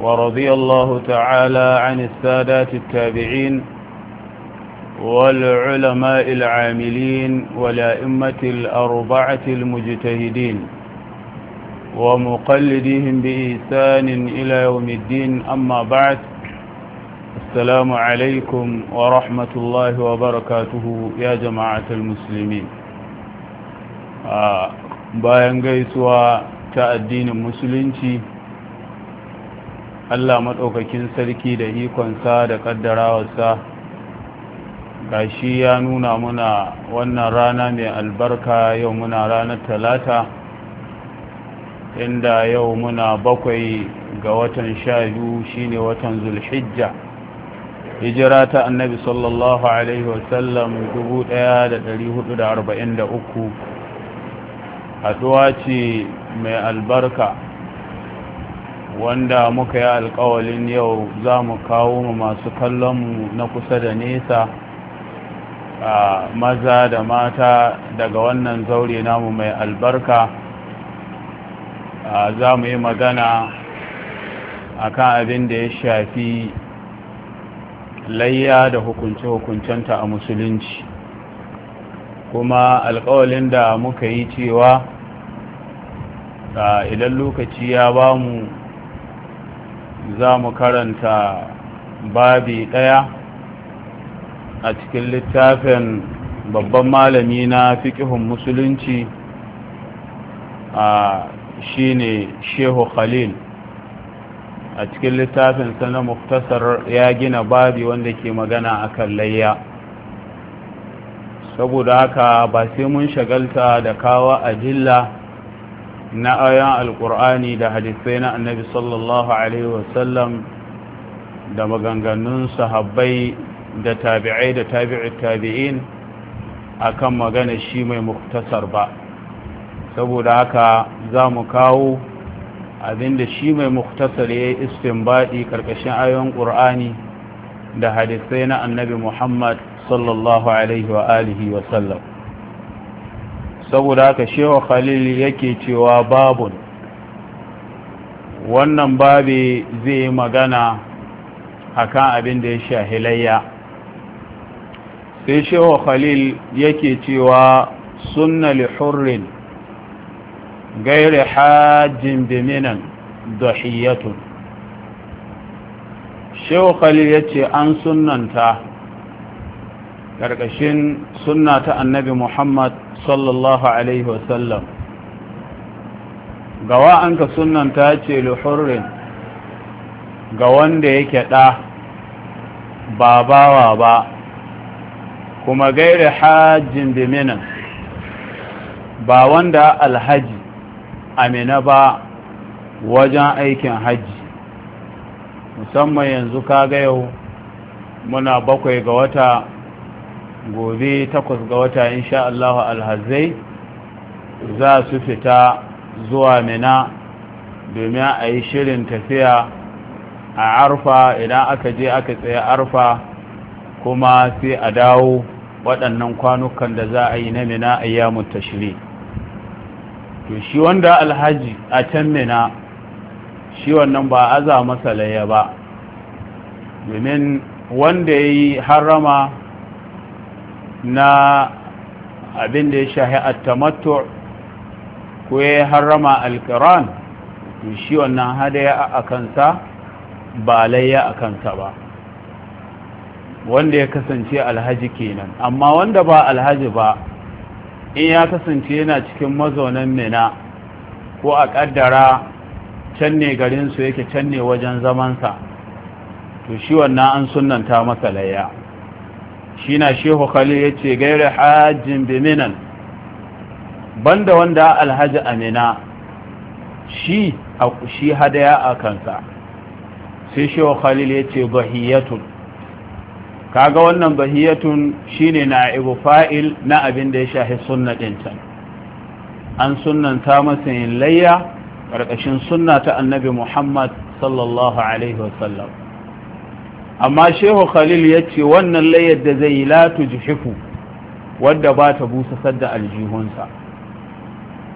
ورضي الله تعالى عن السادات التابعين والعلماء العاملين والأئمة الأربعة المجتهدين ومقلديهم بإيسان إلى يوم الدين أما بعد السلام عليكم ورحمة الله وبركاته يا جماعة المسلمين آه، باين قيسوا تأدين المسلمين Allah maɗaukakin sarki da ikonsa da ƙaddarawarsa Gashi ya nuna muna wannan rana mai albarka yau muna ranar talata inda yau muna bakwai ga watan sha biyu shine watan zulhijja hijira ta annabi sallallahu alaihi wasallam 1443 haɗuwa ce mai albarka wanda muka yi alkawalin yau za mu kawo mu masu kallonmu na kusa da nesa a maza da mata daga wannan zaure namu mai albarka za mu yi magana a kan abin da ya shafi layya da hukunce-hukuncenta a musulunci kuma alkawalin da muka yi cewa idan lokaci ya ba mu za mu karanta babi ɗaya a cikin littafin babban malami na fiƙihun musulunci a ne shehu khalil a cikin littafin na muktasar ya gina babi wanda ke magana akan layya saboda haka ba sai mun shagalta da kawo ajilla na ayan alkur'ani da hadisai na annabi sallallahu alaihi wasallam da maganganun sahabbai da tabi'ai da tabi'i tabi'in akan magana shi mai muktasar ba saboda haka za mu kawo abinda shi mai muktasar ya yi istinbadi ƙarƙashin ayon ƙur'ani da hadisai na annabi muhammad sallallahu alaihi wa alihi wasallam saboda haka shewa khalil yake cewa babun wannan babi zai magana akan abin da ya shahilayya sai shewa khalil yake cewa sunna li hurrin gairi hajjin biminan dahiyatun shewa khalil ya ce an sunanta ƙarƙashin sunna ta annabi muhammad sallallahu alaihi wasallam gawa an ka ta ce luhurrin ga wanda yake ɗa ba ba kuma gairi hajjin biminan ba wanda alhaji amina ba wajen aikin hajji musamman yanzu kaga yau muna bakwai ga wata gobe takwas ga wata insha Allahu alhazai za su fita zuwa mina domin a yi shirin tafiya a arfa idan aka je aka tsaye arfa kuma sai a dawo waɗannan kwanukan da za a yi na mina a yamun tashiri to shi wanda alhaji a can mina shi wannan ba aza masa laye ba domin wanda ya yi harama na abin da ya shahi attamattu ko ya harrama alkiran shi wannan hadaya a kansa ba layya a kansa ba wanda ya kasance alhaji kenan amma wanda ba alhaji ba in ya kasance yana cikin mazaunan mina ko a kaddara can ne garinsu yake can ne wajen zamansa to shi wannan an sunanta masa layya shi na shehu khalil ya ce gaira hajjin biminan banda wanda alhaji amina shi shi hadaya a kansa sai shehu khalil ya ce bahiyatun kaga wannan bahiyatun shine na ibu fa'il na abin da ya shahi sunna ɗinta an sunanta masa yin layya ƙarƙashin sunna ta annabi muhammad sallallahu alaihi wasallam amma shehu khalil ya ce wannan layyar da zai yi latu jihifu wadda ba ta busa sadda aljihunsa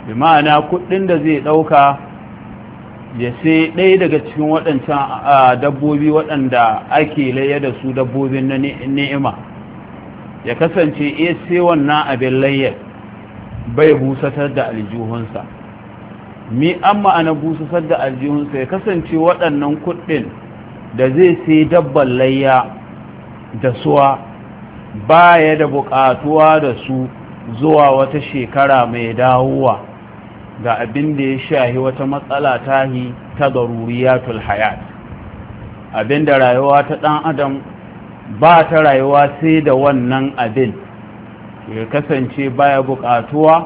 bi ma'ana kudin da zai dauka ya sai ɗaya daga cikin waɗancan dabbobi waɗanda ake layyar da su dabbobin na ni'ima ya kasance iya sai wannan abin layar bai busatar da aljihunsa mi an ma'ana busatar da aljihunsa ya kasance waɗannan kuɗin. da zai sai dabban layya da suwa baya da buƙatuwa da su zuwa wata shekara mai dawowa ga abin da ya shahi wata matsala tahi ta garuriyatul hayat abin da rayuwa ta ɗan adam ba ta rayuwa sai da wannan abin ya kasance baya buƙatuwa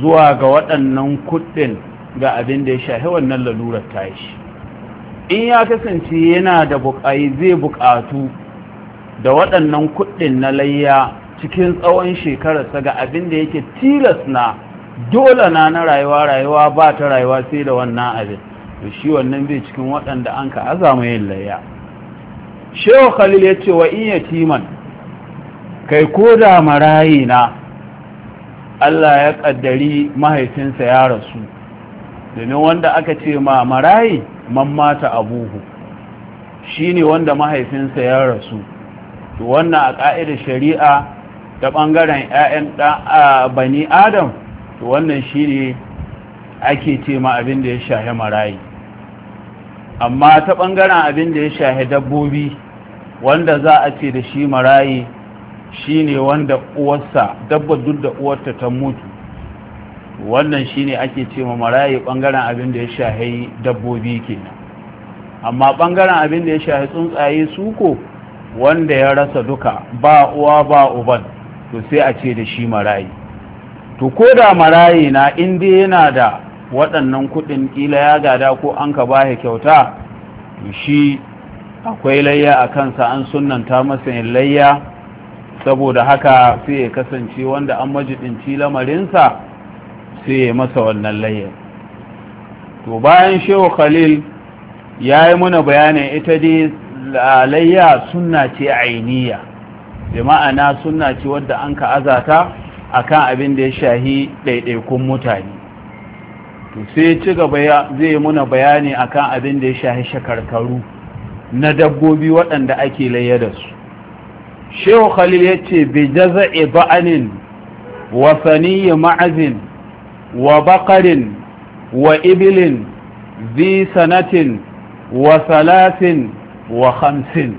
zuwa ga waɗannan kuɗin ga abin da ya shahi wannan lalurar tashi in ya kasance yana da bukai zai buƙatu da waɗannan kuɗin na layya cikin tsawon shekararsa ga abin da yake tilas na dole na na rayuwa rayuwa ba ta rayuwa sai da wannan abin da shi wannan bai cikin waɗanda an ka azama yin layya shewa khalil ya ce wa in ya timan kai ko da marayi na Allah ya ƙaddari mahaifinsa ya rasu domin wanda aka ce ma marayi man mata abuhu ne wanda mahaifinsa ya rasu to wannan a ƙa'idar shari'a ta ɓangaren 'ya'yan bani adam to wannan ne ake ce ma abin da ya shahe marayi amma ta ɓangaren abin da ya shahe dabbobi wanda za a ce da shi marayi shi ne wanda uwarsa dabba duk da uwarta ta mutu wannan shine ake ce ma marayi ɓangaren abin da ya shahai dabbobi kenan amma ɓangaren abin da ya shahai tsuntsaye su ko wanda ya rasa duka ba uwa ba uban to sai a ce da shi marayi to ko da marayi na inda yana da waɗannan kuɗin ƙila ya gada ko an ka ba kyauta to shi akwai layya a kansa an sunanta masa yin layya saboda haka sai ya kasance wanda an majiɗinci lamarinsa sai ya masa wannan layyar to bayan shehu khalil ya yi muna bayanin ita dai layya suna ce ainiya da ma'ana suna ce wadda an ka azata akan abin da ya shahi ɗaiɗaikun mutane to sai ci gaba zai yi muna bayani akan abin da ya shahi shakarkaru na dabbobi waɗanda ake layya da su shehu khalil ya ce bi jaza'i ba'anin wasani ma'azin wa baqarin wa ibilin zi sanatin wa salasin wa hamsin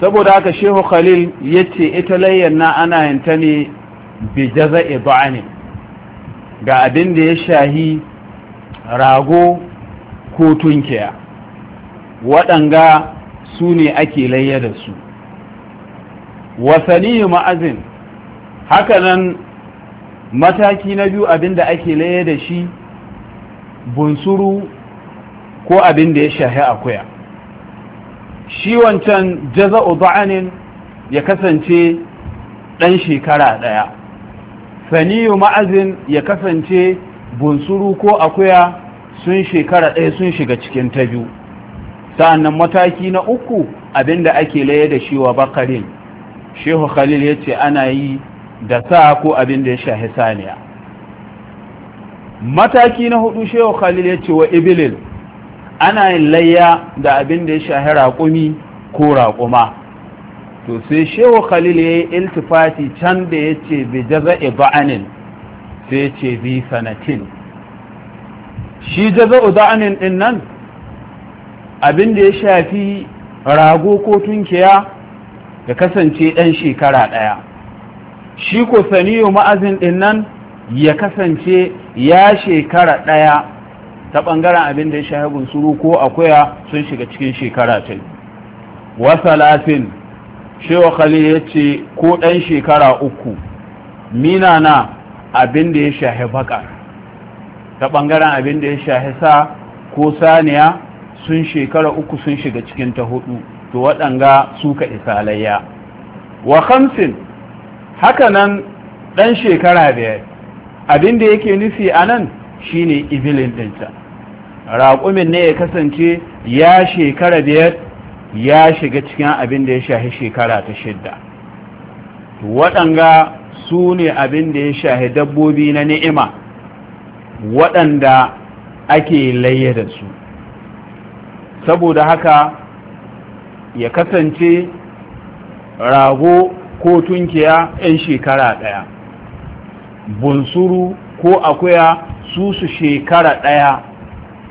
saboda haka shehu khalil ya ce ita layyan na ana yanta ne bi jaza'i ba'ani ga abin da ya shahi rago ko tunkiya waɗanga su ne ake layya da su wasani ma'azin hakanan mataki na biyu abinda ake laye da shi bunsuru ko abin da ya shahi akuya shi wancan jaza uba'anin ya kasance ɗan shekara ɗaya saniyu ma'azin ya kasance bunsuru ko akuya sun shekara ɗaya sun shiga cikin ta biyu sa'annan mataki na uku abin da ake laye da shi wa bakarin shehu khalil ya ce ana yi da sa ko abin da ya shahi saniya mataki na hudu shehu khalil ya ce wa ibilil ana yin layya da abin da ya shahi raƙumi ko raƙuma to sai shehu khalil ya yi iltifati can da ya ce bi jaza ba'anin sai ce bi sanatin shi jaza ba'anin din nan abin da ya shafi rago ko tunkiya ya kasance ɗan shekara ɗaya shi ko saniyo ma'azin ɗin nan ya kasance ya shekara ɗaya ta ɓangaren abin da ya shahabin suru ko akuya sun shiga cikin shekara ta wasalatin shewa kali ya ce ko ɗan shekara uku mina na abin da ya shahi baka ta ɓangaren abin da ya shahi sa ko saniya sun shekara uku sun shiga cikin ta hudu to waɗanga suka isalayya wa hamsin hakanan ɗan shekara biyar abin da yake nufi a nan shine ibilin ɗinta raƙumin ne ya kasance ya shekara biyar ya shiga cikin abin da ya shahi shekara ta shidda waɗanga su ne abin da ya shahi dabbobi na ni'ima waɗanda ake layya da su saboda haka ya kasance rago ko tunkiya 'yan shekara ɗaya bunsuru ko akuya su su shekara ɗaya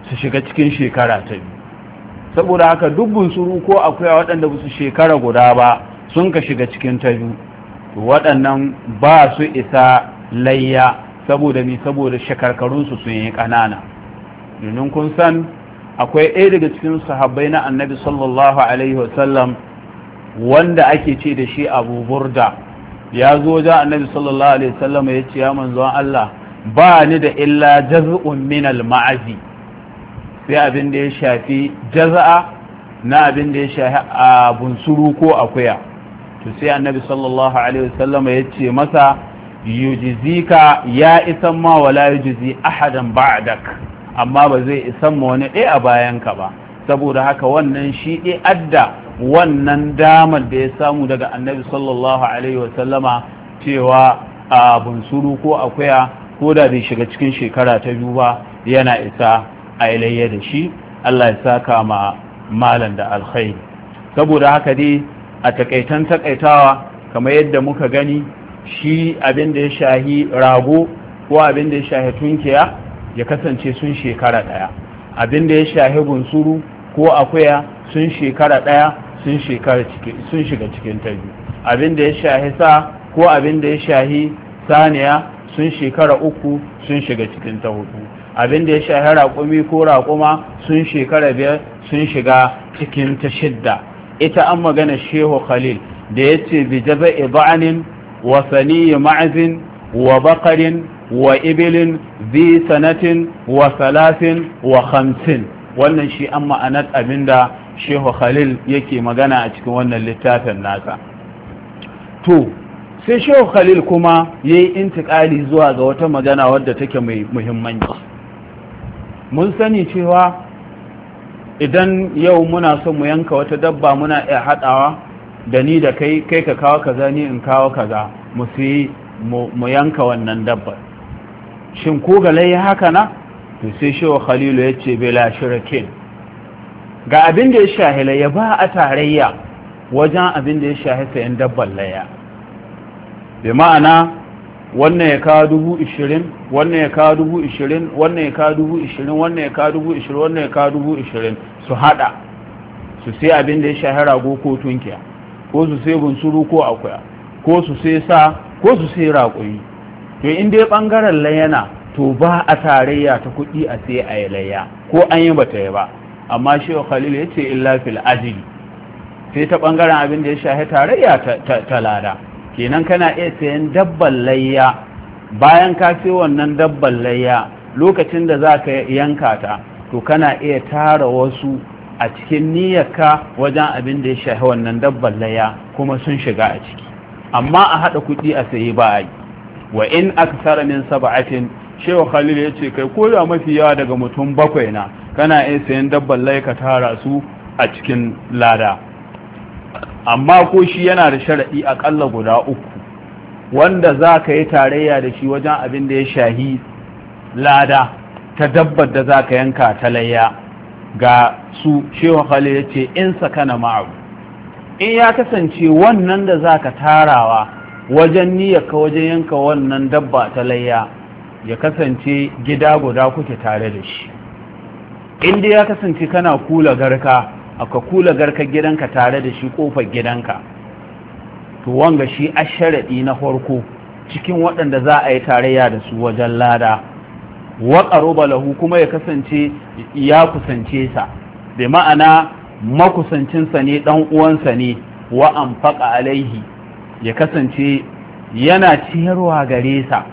su shiga cikin shekara ta biyu saboda haka duk bunsuru ko akuya waɗanda su shekara guda ba sun ka shiga cikin ta biyu waɗannan ba su isa layya saboda ni saboda shekarkarunsu sun yi ƙanana domin kun san akwai ɗaya daga cikin sahabbai na annabi sallallahu alaihi wasallam wanda ake ce da shi abu burda ya zo wajen annabi sallallahu alaihi wasallam ya ce ya manzon Allah ba ni da illa jaz'un min al-ma'azi sai abin da ya shafi jaza'a na abin da ya shafi abun suru ko akuya to sai annabi sallallahu alaihi wasallam ya ce masa yujizika ya isan ma wala yujizi ahadan ba'dak amma ba zai isan ma wani ɗaya a bayanka ba saboda haka wannan shi ɗi adda wannan damar da ya samu daga annabi sallallahu alaihi wasallama cewa a bunsuru ko akuya ko da bai shiga cikin shekara ta biyu ba yana isa a ilayya da shi Allah ya saka ma malan da alkhairi saboda haka dai a takaitan takaitawa kamar yadda muka gani shi abin da ya shahi rago ko abin da ya shahi tunkiya ya kasance sun shekara daya abin da ya shahi bunsuru ko akuya sun shekara ɗaya sun shekara shiga cikin ta abin da ya shahi sa ko abin da ya shahi saniya sun shekara uku sun shiga cikin ta hudu abin da ya shahi raƙumi ko raƙuma sun shekara biyar sun shiga cikin ta shidda ita an magana shehu khalil da ya ce bi jaba iba'anin wa saniyi ma'azin wa bakarin wa ibilin zi sanatin wa salafin wa hamsin wannan shi an ma'anar abin da. shehu khalil yake magana a cikin wannan littafin nasa to sai shehu khalil kuma ya yi intikali zuwa ga wata magana wadda take mai muhimmanci mun sani cewa idan yau muna so mu yanka wata dabba muna iya haɗawa da ni da kai kai ka kawo kaza ni in kawo kaza mu sai mu yanka wannan dabbar shin ko galai haka na to sai shehu Khalil ya ce bela shirkin ga abin da ya shahi layya ba a tarayya wajen abin da ya shahi sayan dabban layya bi ma'ana wannan ya kawo dubu ishirin wannan ya kawo dubu ishirin wannan ya kawo dubu ishirin wannan ya kawo dubu ishirin wannan ya kawo dubu ishirin su hada su sai abin da ya shahi rago ko tunkiya ko su sai bunsuru ko akuya ko su sai sa ko su sai raƙoyi to in dai ɓangaren layana to ba a tarayya ta kuɗi a sai a yi layya ko an yi bata yi ba amma shi khalil ya ce illa fil ajili sai ta ɓangaren abin da ya shahe tarayya ta lada kenan kana iya sayan dabban layya bayan ka ce wannan dabban layya lokacin da za ka yanka ta to kana iya tara wasu a cikin niyyarka wajen abin da ya shahe wannan dabban layya kuma sun shiga a ciki amma a haɗa kuɗi a sayi ba a yi wa in aksara min sab'atin shehu khalil ya ce kai ko da mafi yawa daga mutum bakwai na kana iya sayan lai ka tara su a cikin lada amma ko shi yana da sharaɗi aƙalla guda uku wanda za ka yi tarayya da shi wajen abin da ya shahi lada ta dabbar da za ka yanka ta layya ga su shehu khali ya ce in kana ma'abu in ya kasance wannan da za ka tarawa wajen niyyarka wajen yanka wannan dabba ta layya ya kasance gida guda kuke tare da shi inda ya kasance kana kula garka aka kula garka gidanka tare da shi kofar gidanka to wanga shi asharaɗi na farko cikin waɗanda za a yi tarayya da su wajen lada waƙaro balahu kuma ya kasance ya kusance sa da ma'ana makusancinsa ne ɗan uwansa ne wa an alaihi ya kasance yana ciyarwa gare sa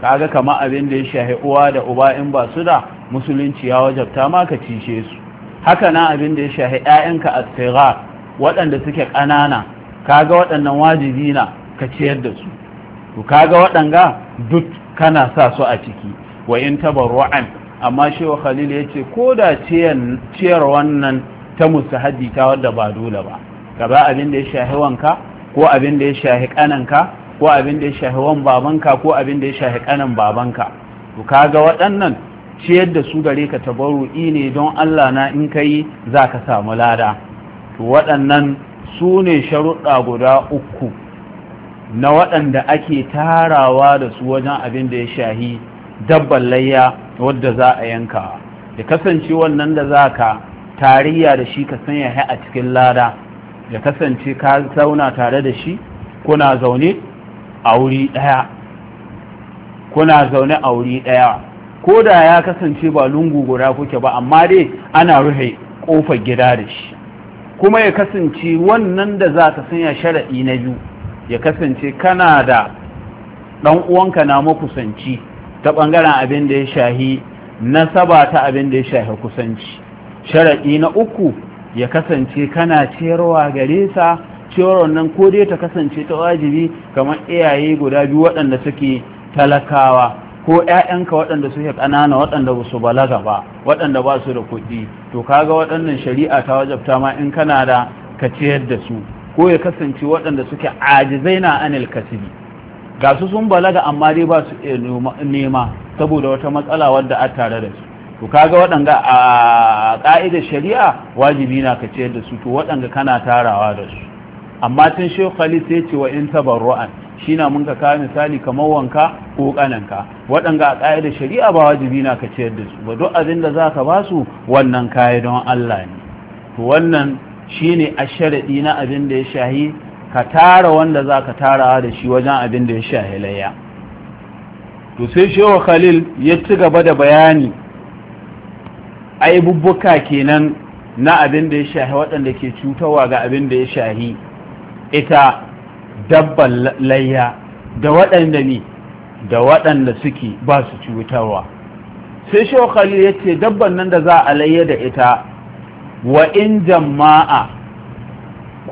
kaga kama abin da ya shahi uwa da uba in ba su da musulunci ya wajabta ma ka cishe su haka na abin da ya shahi ƴaƴanka a tsira waɗanda suke ƙanana kaga waɗannan wajibi na ka ciyar da su to kaga waɗanga duk kana sa su a ciki wa in tabarru'an amma Shehu khalil ya ce ko da ciyar wannan ta musahabi ta wanda ba dole ba ka abin da ya shahi wanka ko abin da ya shahi ƙananka ko abin da ya shahi wan babanka ko abin da ya shahi ƙanan babanka to kaga waɗannan ciyar da su gare ka tabaru'i ne don Allah na in ka yi za ka samu lada waɗannan su ne sharuɗa guda uku na waɗanda ake tarawa da su wajen abin da ya shahi dabban layya wadda za a yanka da kasance wannan da za ka tariya da shi ka sanya a cikin lada da kasance ka zauna tare da shi kuna zaune a wuri kuna zaune a wuri ɗaya ko da ya kasance ba lungu guda kuke ba amma dai ana rufe kofar gida da shi kuma ya kasance wannan da za ka sanya sharaɗi na biyu ya kasance kana da ɗan uwanka na makusanci ta ɓangaren abin da ya shahi nasaba ta abin da ya shahi kusanci sharaɗi na uku ya kasance kana ciyarwa gare sa ciyarwar nan ko dai ta kasance ta wajibi kamar iyaye guda biyu waɗanda suke talakawa ko ‘ya'yanka waɗanda suke ƙanana waɗanda ba su balaga ba waɗanda ba su da kuɗi to kaga waɗannan shari'a ta wajabta ma in kana da ka ciyar da su ko ya kasance waɗanda suke ajizai na anil kasibi ga su sun balaga amma dai ba su nema saboda wata matsala wadda a tare da su to kaga waɗanda a ƙa'idar shari'a wajibi na ka ciyar da su to waɗanda kana tarawa da su amma tun shekali sai ce wa in tabarru'an shi na mun ka kawo misali kamar wanka ko kananka waɗanda a da shari'a ba wajibi na ka ciyar da su ba duk abin da za ka ba su wannan kaya don Allah ne to wannan shi ne a sharaɗi na abin da ya shahi ka tara wanda za ka tarawa da shi wajen abin da ya shahi layya to sai shewa khalil ya ci gaba da bayani aibubbuka kenan na abin da ya shahi waɗanda ke cutawa ga abin da ya shahi ita dabban layya da waɗanda ne da waɗanda suke ba su cutarwa sai shokali ya ce dabban nan da za a layya da ita wa in jama'a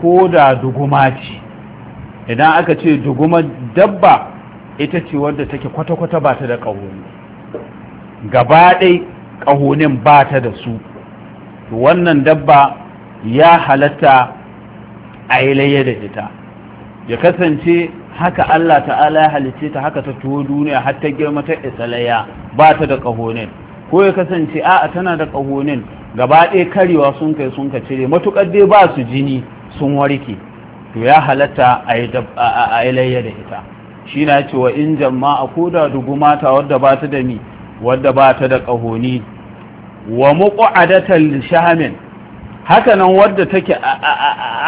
ko da duguma ce idan aka ce duguma dabba ita ce wadda take kwata-kwata ba ta da ƙahoni gaba ɗai ƙahonin ba ta da su wannan dabba ya halatta a yi layya da ita ya kasance haka Allah ta'ala ya halicce ta haka ta tuwo duniya har ta girma ta isalaya ba ta da ƙahonin ko ya kasance a'a tana da ƙahonin gaba ɗaya karewa sun kai sun ka cire matuƙar dai ba su jini sun warke to ya halatta a yi layya da ita shi na ce wa in jama'a ko da mata wadda ba ta da ni, wadda ba ta da ƙahoni wa muƙu'adatal shahamin hakanan wadda take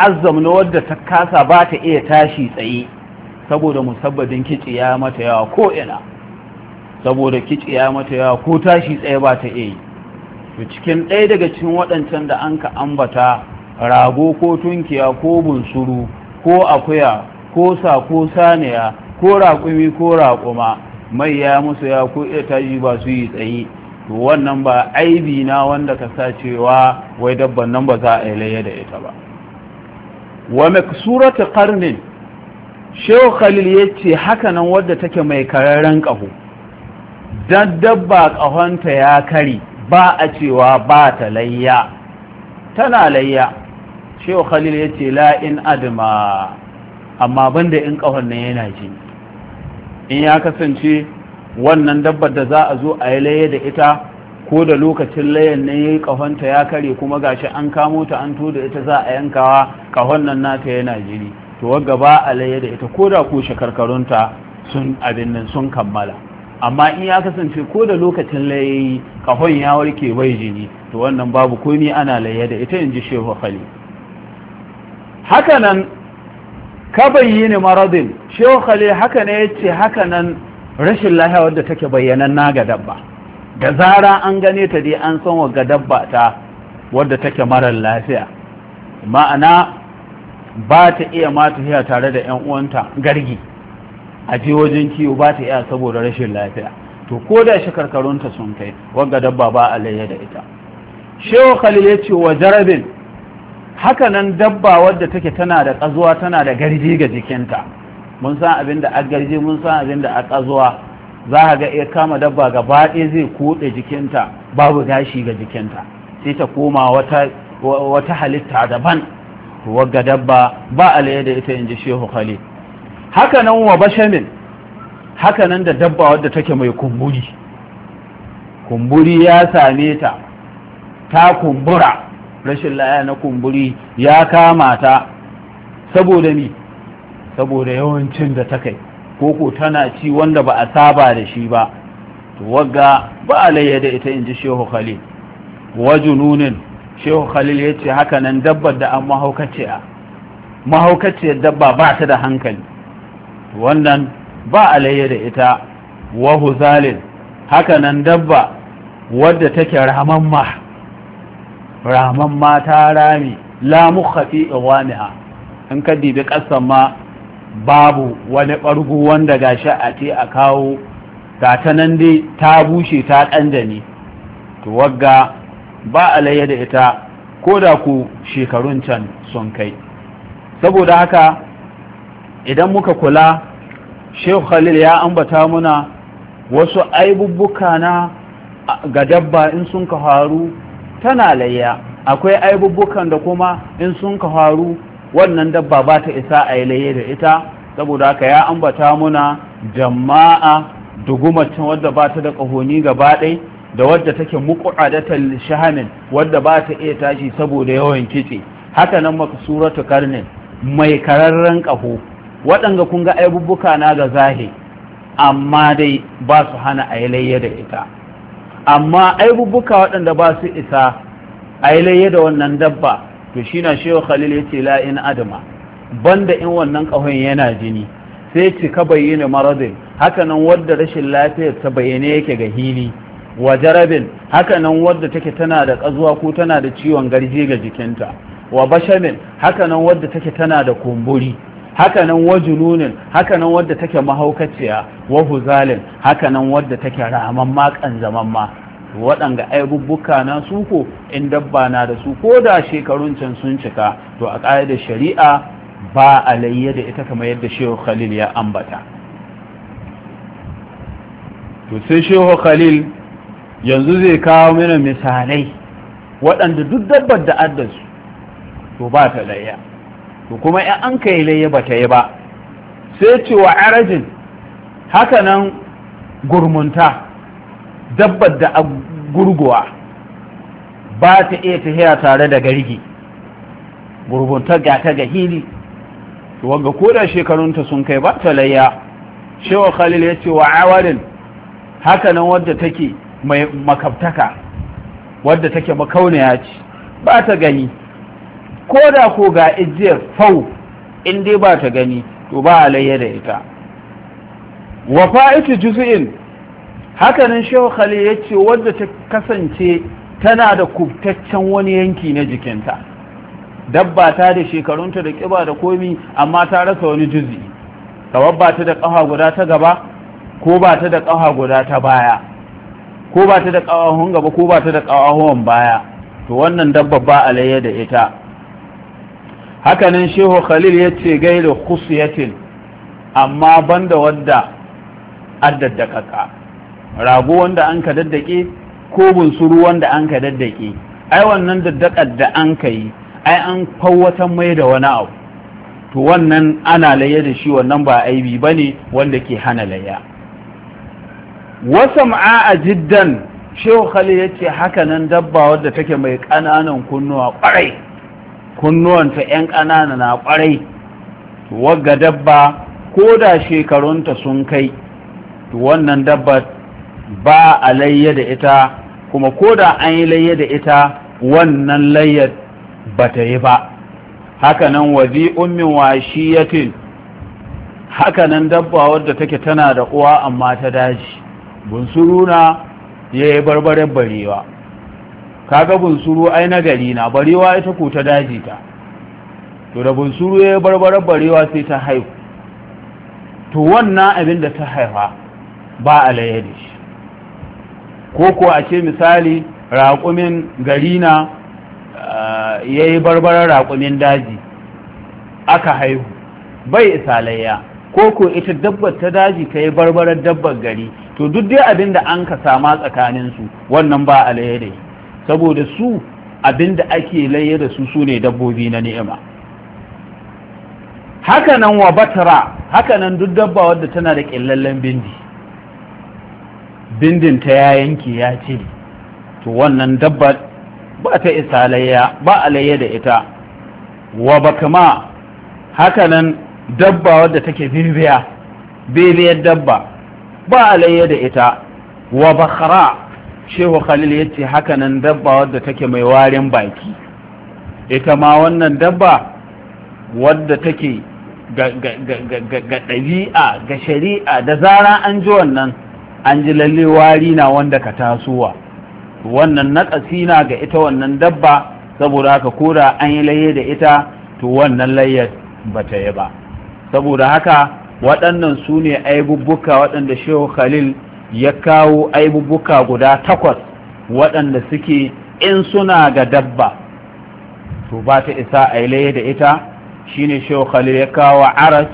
azzam na wadda ta kasa ba ta iya tashi tsaye saboda musabbadin kici ya mata yawa ko ina saboda kici ya mata yawa ko tashi tsaye ba ta iya to cikin ɗaya daga cikin waɗancan da an ka ambata rago ko tunkiya ko bunsuru ko akuya ko sa ko saniya ko raƙumi ko raƙuma mai ya musu ya ko iya tashi ba su yi tsaye to wannan ba aibi na wanda ka sa cewa wai dabban nan ba za a yi layya da ita ba wa maksuratu qarnin shehu khalil yace haka nan wadda take mai kararran kaho dan dabba kahonta ya kari ba a cewa ba ta layya tana layya shehu khalil yace la in adma amma banda in kahon nan yana jini in ya kasance wannan dabbar da za a zo a yi laye da ita ko da lokacin layan na ya yi kahonta ya kare kuma gashi an kamo ta an da ita za a yankawa kahon nan nata yana jini to wagga ba a laye da ita ko da ko shakarkarunta sun abin nan sun kammala amma in ya kasance ko da lokacin layayi kahon ya warke bai jini to wannan babu komi ana laye da ita in ji shehu khali haka nan ka bayyana maradin shehu khali haka ne ya ce haka nan rashin lahiya wadda take bayyanan na ga dabba da zara an gane ta dai an san ga dabba ta wadda take marar lafiya ma'ana ba ta iya ma hiya tare da 'yan uwanta gargi a je wajen kiwo ba ta iya saboda rashin lafiya to ko da shi ta sun kai ga dabba ba a layya da ita shehu khalil ya ce wa jarabin hakanan dabba wadda take tana da ƙazuwa tana da garji ga jikinta mun san abin da agarji mun san abin da aka zuwa za a ga iya kama dabba gaba ɗaya zai kuɗe jikinta babu gashi ga jikinta sai ta koma wata halitta daban wagga dabba ba alaye da ita yanzu shehu hali. haka nan wa bashamin haka nan da dabba wadda take mai kumburi kumburi ya same ta ta kumbura rashin laya na kumburi ya kama ta saboda ni. saboda yawancin da ta kai koko tana ci wanda ba a saba da shi ba to wagga ba alayya da ita inji shehu khalil nunin, shehu khalil ya ce haka nan dabbar da an mahaukaciya mahaukaciyar dabba ba ta da hankali wannan ba alayya da ita wahu zalil haka nan dabba wadda take ramamma ramamma ta rami la mukhafi iwaniha in ka dibi kasan ma babu wani ɓargo wanda gashi a ce a kawo ta nan dai ta bushe ta ne, to wagga ba alayya da ita ko da ku shekarun can sun kai saboda haka idan muka kula shehu khalil ya ambata muna wasu aibubbuka na ga dabba in sun ka haru tana layya akwai aibubbukan da kuma in sun ka haru wannan dabba ba ta isa a yi da ita saboda haka ya ambata muna jama'a dugumacin wadda ba ta da ƙahoni gaba ɗai da wadda take muƙu'adatar shahamin wadda ba ta iya tashi saboda yawan kitse haka nan maka suratu karnin mai kararren ƙaho waɗanga kun ga aibubbuka na ga zahi amma dai ba su hana a yi da ita amma aibubbuka waɗanda ba su isa a yi da wannan dabba to shi na shehu khalil ya ce la'in adama banda in wannan ƙahon yana jini sai cika bayyana maradin hakanan wadda rashin lafiyar ta bayyane yake ga hili wa jarabin hakanan wadda take tana da ƙazuwa ko tana da ciwon garje ga jikinta wa bashamin hakanan wadda take tana da kumburi hakanan wa jununin hakanan wadda take mahaukaciya wa huzalin hakanan wadda take raman kan zaman ma waɗanga aibubbuka na su ko in dabba na da su ko da shekarun can sun cika to a ƙa'ida shari'a ba a layye da ita kamar yadda shehu khalil ya ambata to sai shehu khalil yanzu zai kawo mana misalai waɗanda duk dabbar da addasu to ba ta layya to kuma in an kai layya ba ta yi ba sai cewa arajin hakanan gurmunta dabbar da a gurguwa ba ta iya tafiya tare da gargi gurgun ta ga ga hili wanga ko da shekarunta sun kai ba ta layya shewa khalil ya ce wa awarin haka nan wadda take mai makabtaka wadda take makauniya ce ba ta gani ko da ko ga ijiyar fau in dai ba ta gani to ba a layya da ita wa ita juzu'in hakanan shehu khalil ya ce wadda ta kasance tana da kubtaccen wani yanki na jikinta dabba ta da shekarunta da kiba da komi amma ta rasa wani juzi kawar ba ta da ƙafa guda ta gaba ko ba ta da ƙafa guda ta baya ko ba ta da ƙawahon gaba ko ba ta da ƙawahon baya to wannan dabba ba alayya da ita hakanan shehu khalil ya ce gaira khusiyatin amma banda wadda addaddaka rago wanda an ka daddake ko bunsuru wanda an ka daddake ai wannan daddakar da an ka yi ai an fawwatan mai da wani abu to wannan ana laye da shi wannan ba aibi ba ne wanda ke hana laya wasu ma'a jiddan shehu khali ya ce haka nan dabba wadda take mai ƙananan kunnuwa ƙwarai kunnuwanta 'yan ƙanana na ƙwarai wagga dabba ko da shekarunta sun kai to wannan dabba ba a layya da ita kuma ko da an yi layya da ita wannan layyar ba ta yi ba hakanan wazi ummin washiyatin hakanan dabba wadda take tana da uwa amma ta daji bunsuruna ya yi barbare barewa kaga bunsuru ai na gari na barewa ita ko ta daji ta to da bunsuru ya yi barbare barewa sai ta haihu to wannan abin da ta haifa ba a da shi ko ko a ce misali raƙumin gari na eh, ya yi barbarar raƙumin daji aka haihu bai isalayya ko ko ita dabbar ta daji ta yi barbarar dabbar gari to duk dai abin da an ka sama tsakaninsu wannan ba a laye saboda su abin da ake laye da su su ne dabbobi na ni'ima hakanan wa batara hakanan duk dabba wadda tana da ƙillallen bindi bindinta ya yanke ya ce to wannan dabba ba ta isa layya ba a layya da ita wa bakama hakanan dabba wadda take bibiya bibiyar dabba ba a layya da ita wa bakara shehu khalil ya ce hakanan dabba wadda take mai warin baki ita ma wannan dabba wadda take ga ɗabi'a ga shari'a da zara an ji wannan an ji lalle wari na wanda ka tasowa wannan naƙasi na ga ita wannan dabba saboda haka koda an yi laye da ita to wannan layyar ba ta yi ba saboda haka waɗannan su ne aibubbuka waɗanda shehu khalil ya kawo aibubbuka guda takwas waɗanda suke in suna ga dabba to ba ta isa a laye da ita shine shehu khalil ya kawo aras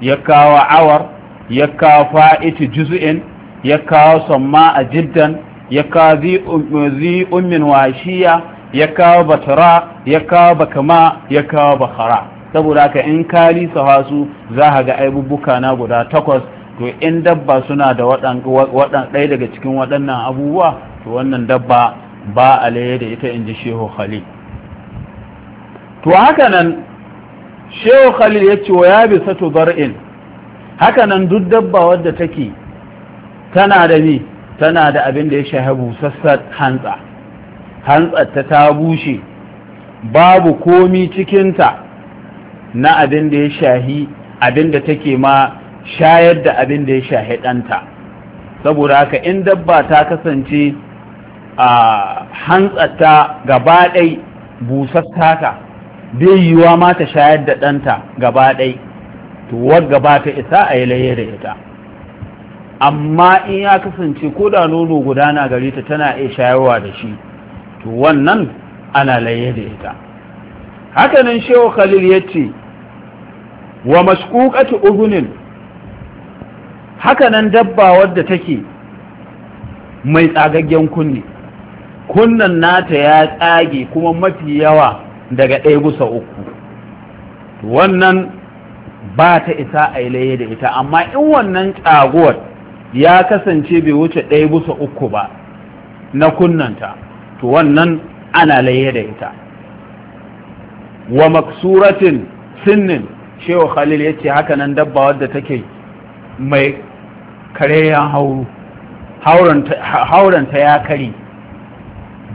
ya kawo awar ya kawo fa'iti juz'in ya kawo samma a jiddan ya kawo um, zi ummin washiya ya kawo batara ya kawo bakama ya kawo bakara saboda haka in ka lisa hasu za ka ga aibubuka na guda takwas to in dabba suna da waɗan ɗaya daga cikin waɗannan abubuwa to wannan dabba ba a laye da ita in ji shehu khalil to haka nan shehu khalil ya ce wa ya bisa to bar'in haka nan duk dabba wadda take tana da ni? tana da abin da ya shahi busassar hantsa hantsar ta ta bushe babu komi cikinta na abin da ya shahi abin da take ma shayar da abin da ya shahi ɗanta saboda haka in dabba ta kasance a hantsata gaba ɗai ta bai yiwuwa ma ta shayar da ɗanta gaba ɗai to wagga ba ta isa a yi da ita amma in ya kasance ko da nono gudana gare ta tana iya shayarwa da shi to wannan ana laye da ita hakanan shehu khalil ya ce wa mashkukatu uzunin hakanan dabba wadda take mai tsagaggen kunne kunnan nata ya tsage kuma mafi yawa daga ɗaya gusa uku wannan ba ta isa a laye da ita amma in wannan tsaguwar ya kasance bai wuce ɗaya bisa uku ba na kunnanta to wannan ana laye da ita wa maksuratin sinnin shehu khalil ya ce haka nan dabba wadda take mai kareyan hauru hauranta ya kari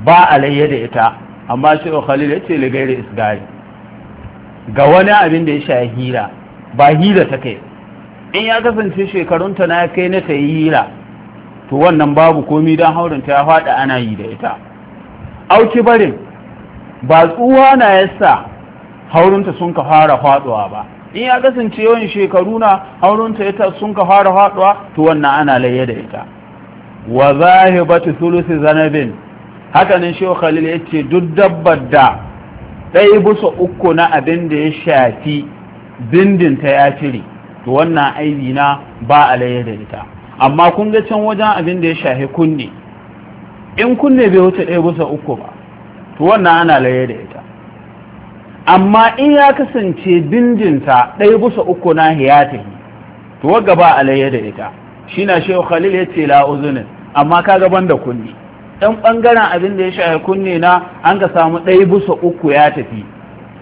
ba a laye da ita amma shehu khalil ya ce ligairi isgari ga wani abin da ya sha hira ba hira ta kai in ya kasance shekarunta na kai na ta yi hira to wannan babu komi don haurinta ya faɗa ana yi da ita auki barin ba tsuwa na yasa haurinta sun ka fara faɗuwa ba in ya kasance yawan shekaru na haurinta ita sun ka fara faɗuwa to wannan ana layye da ita wa zahibatu sulusi zanabin haka nan shehu khalil ce duk dabbar da ɗaya bisa uku na abin da ya shafi bindinta ya cire to wannan aibi na ba layar da ita amma kun ga can wajen abin da ya shahi kunne in kunne bai wuce ɗaya bisa uku ba to wannan ana layar da ita amma in ya kasance bindinta ɗaya bisa uku na hiyatihi to wagga ba layar da ita shi na shehu khalil ya ce la'uzunin amma ka gaban da kunne. ɗan ɓangaren abin da ya shahi kunne na an ka samu ɗaya bisa uku ya tafi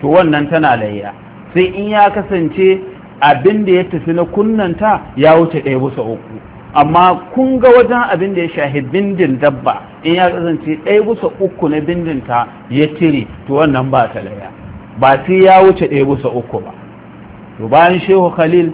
to wannan tana layya sai in ya kasance abin da ya tafi na kunnanta ya wuce ɗaya bisa uku amma kun ga wajen abin da ya shahi bindin dabba in ya kasance ɗaya bisa uku na bindinta ya tire to wannan ba ta laya ba sai ya wuce ɗaya bisa uku ba to bayan shehu khalil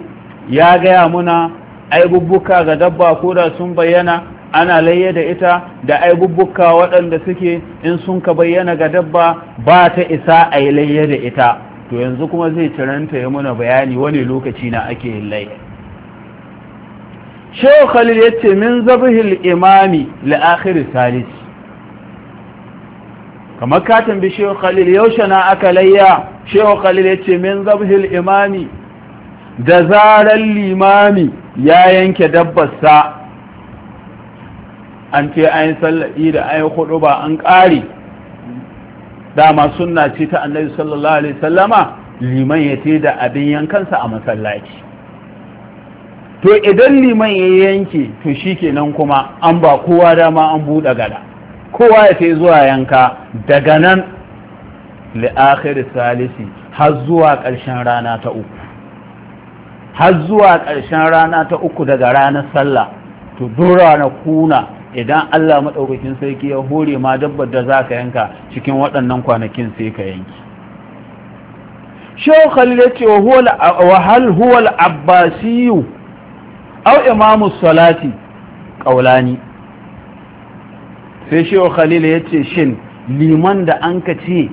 ya gaya muna aibubbuka ga dabba ko da sun bayyana ana layya da ita da aibubbuka waɗanda suke in sun ka bayyana ga dabba ba ta isa a yi layya da ita to yanzu kuma zai taranta ya muna bayani wani lokaci na ake yin layya shehu khalil ya ce min zabihil imami la'akhir salis kamar katin bi shehu khalil yaushe na aka layya shehu khalil ya ce min zabihil imami da zarar limami ya yanke dabbarsa an ce an yi sallar da an yi hudu ba an ƙare dama sunna ce ta annabi sallallahu alaihi sallama liman ya ce da abin yankansa a masallaci to idan liman ya yanke to shi kenan kuma an ba kowa dama an buɗe gada kowa ya ce zuwa yanka daga nan li'akhir salisi har zuwa ƙarshen rana ta uku har zuwa ƙarshen rana ta uku daga ranar sallah to dora na kuna idan Allah maɗaukakin sarki ya hore ma dabbar da za ka yanka cikin waɗannan kwanakin sai ka yanki shehu khalil ya ce wa hal huwa al’abbasiyu, au imamu salati ƙaulani sai shehu khalil ya ce shin liman da an ka ce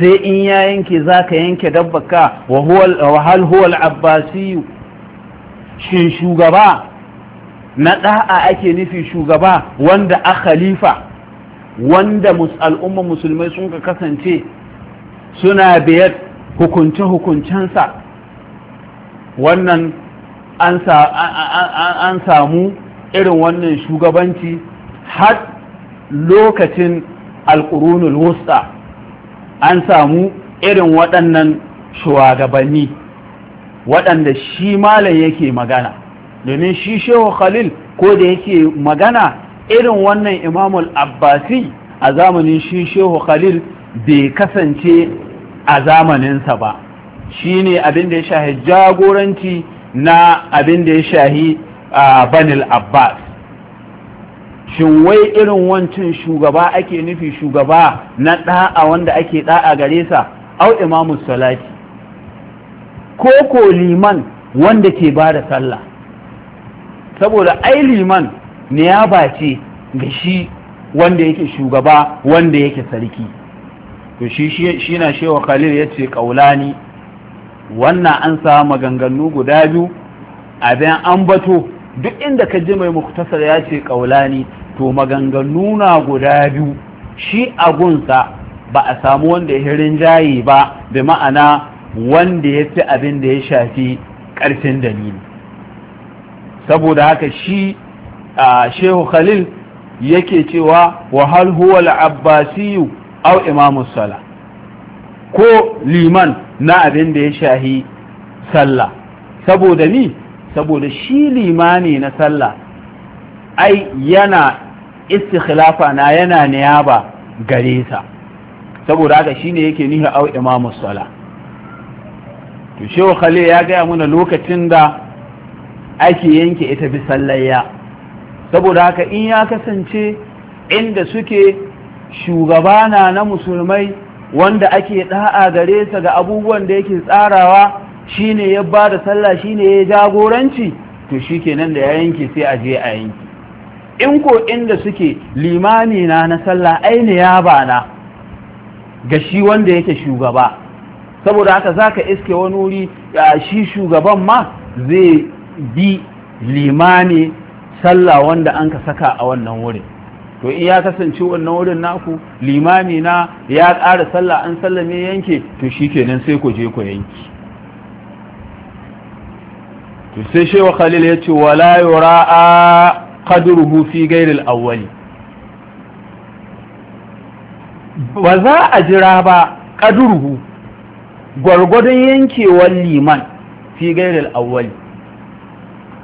sai in ya yanke za ka yanke dabbaka wa hal huwal al’abbasiyu, shin shugaba na da'a ake nufi shugaba wanda a khalifa wanda al'umma musulmai sun ka kasance suna biyar hukunce-hukuncensa wannan an samu irin wannan shugabanci har lokacin alƙurunul wusta an samu irin waɗannan shugabanni waɗanda shi malam yake magana domin shi shehu khalil ko da yake magana irin wannan imamul abbasi a zamanin shi shehu khalil bai kasance a zamaninsa ba shi ne abin da ya shahi jagoranci na abin da ya shahi a banil abbas shin wai irin wancan shugaba ake nufi shugaba na ɗa'a wanda ake ɗa'a gare sa au imamu salati ko ko liman wanda ke bada sallah saboda ai liman ne ya bace ga shi wanda yake shugaba wanda yake sarki to shi shi na shewa khalil ya ce kaulani wannan an samu maganganu guda biyu abin bato duk inda ka ji mai muktasar yace ce kaulani to maganganu na guda biyu shi a gunsa ba a samu wanda ya rinjaye ba da ma'ana wanda ya fi abin da ya shafi ƙarfin dalili saboda haka shi shehu khalil yake cewa wa hal huwa al-abbasiyu aw imamu sala ko liman na abin da ya shahi sallah saboda ni saboda shi limani na sallah ai yana istikhlafa na yana niyaba gare sa saboda haka shine yake nihi aw imamu sala to shehu khalil ya gaya mana lokacin da ake yanke ita bi sallayya saboda haka in ya kasance inda suke shugaba na na musulmai wanda ake da'a gare sa ga abubuwan da yake tsarawa shine ya ba da sallah shine ya jagoranci to shikenan da ya yanke sai a je a yanke in ko inda suke limani na na sallah aini ya bana ga shi wanda yake shugaba saboda haka zaka iske wani wuri shi shugaban ma zai bi limani sallah wanda an ka saka a wannan wurin to in ya kasance wannan wurin naku limami na ya ƙara sallah an sallame yanke to shikenan sai ku je ku yanki to sai shewa khalil ya ce wala yura'a qadruhu fi ghairi al-awwali ba za a jira ba qadruhu gwargwadon yankewar liman fi ghairi al-awwali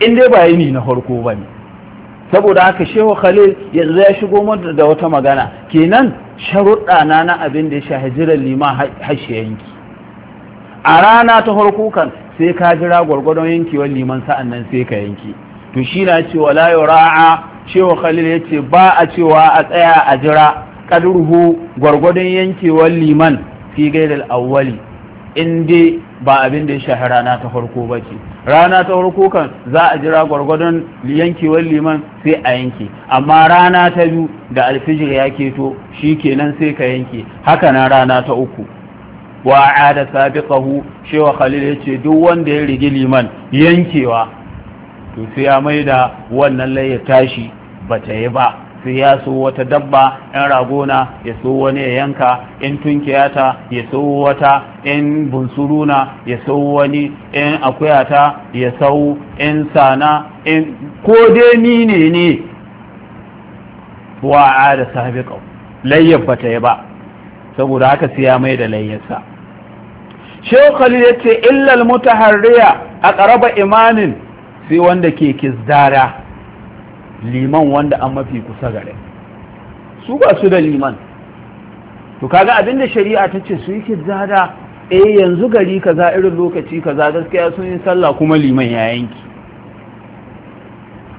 in dai ba yini na farko ba ne saboda haka shehu khalil yanzu ya shigo mata da wata magana kenan sharuɗa na na abin da ya sha hijirar liman hashe yanki a rana ta farko kan sai ka jira gwargwadon yankewar liman sa'an nan sai ka yanki to shi na cewa la ra'a shehu khalil ya ce ba a cewa a tsaya a jira kadruhu gwargwadon yankewar liman fi gairil awwali in dai ba abin da ya shafi rana ta farko ba ce rana ta farko kan za a jira gwargwadon yankewar liman sai a yanke amma rana ta biyu da alfijir ya keto shi kenan sai ka yanke haka na rana ta uku wa ada sabiqahu shewa khalil ce duk wanda ya rigi liman yankewa to sai ya maida wannan layya tashi ba ta yi ba sai ya so wata dabba yan ragona ya so wani ya yanka in tunkiyata ya so wata in bunsuruna ya sau wani in akuyata ya sau in sana in ko dai ni ne ne wa a da sahabi kau layyar ba ta yi ba saboda haka siya mai da layyarsa shehu khalil ya ce illal mutaharriya a ƙaraba imanin sai wanda ke kizdara liman wanda an mafi kusa gare su ba su da liman to kaga abinda shari'a ta ce su yi kizdara eh yanzu gari kaza irin lokaci kaza gaskiya sun yi sallah kuma liman ya yanki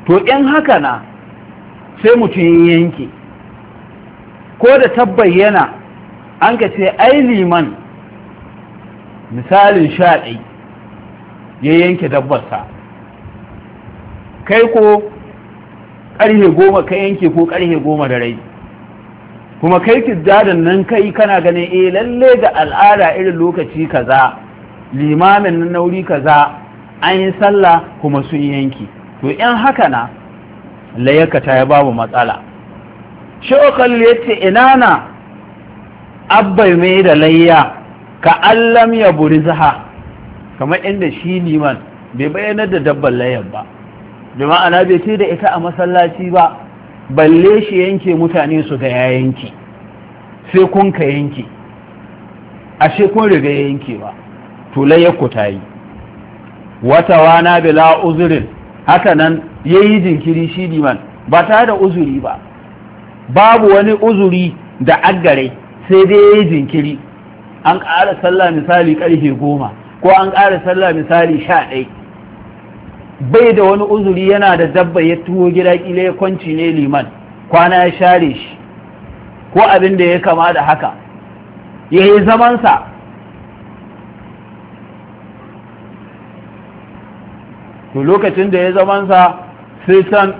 to in haka na sai mutum yanki ko da tabbayyana an ka ce ai liman misalin sha ɗai ya yanke dabbarsa kai ko ƙarhe goma ka yanke ko ƙarhe goma da rai kuma kai kijjadan nan kai kana ganin eh lalle ga al'ada irin lokaci kaza limamin nan nauri kaza an yi sallah kuma sun yanki to in haka na layyaka ta ya babu matsala shokal ya ina na abbai mai da layya ka allam ya buri zaha kamar inda shi liman bai bayyana da dabban layyan ba Jama'a na bai ce da ita a masallaci ba balle shi yanke mutane su ga ya yanke sai kun ka yanke ashe kun riga ya yanke ba to ya ta yi wata wana bila uzurin haka nan ya yi jinkiri shi liman ba ta da uzuri ba babu wani uzuri da agare sai dai ya yi jinkiri an ƙara sallah misali ƙarfe goma ko an ƙara sallah misali sha ɗaya bai da wani uzuri yana da dabba ya tuwo gida kila ya kwanci ne liman kwana ya share shi ko abin da ya kama da haka ya yi zamansa to lokacin da ya zamansa sai can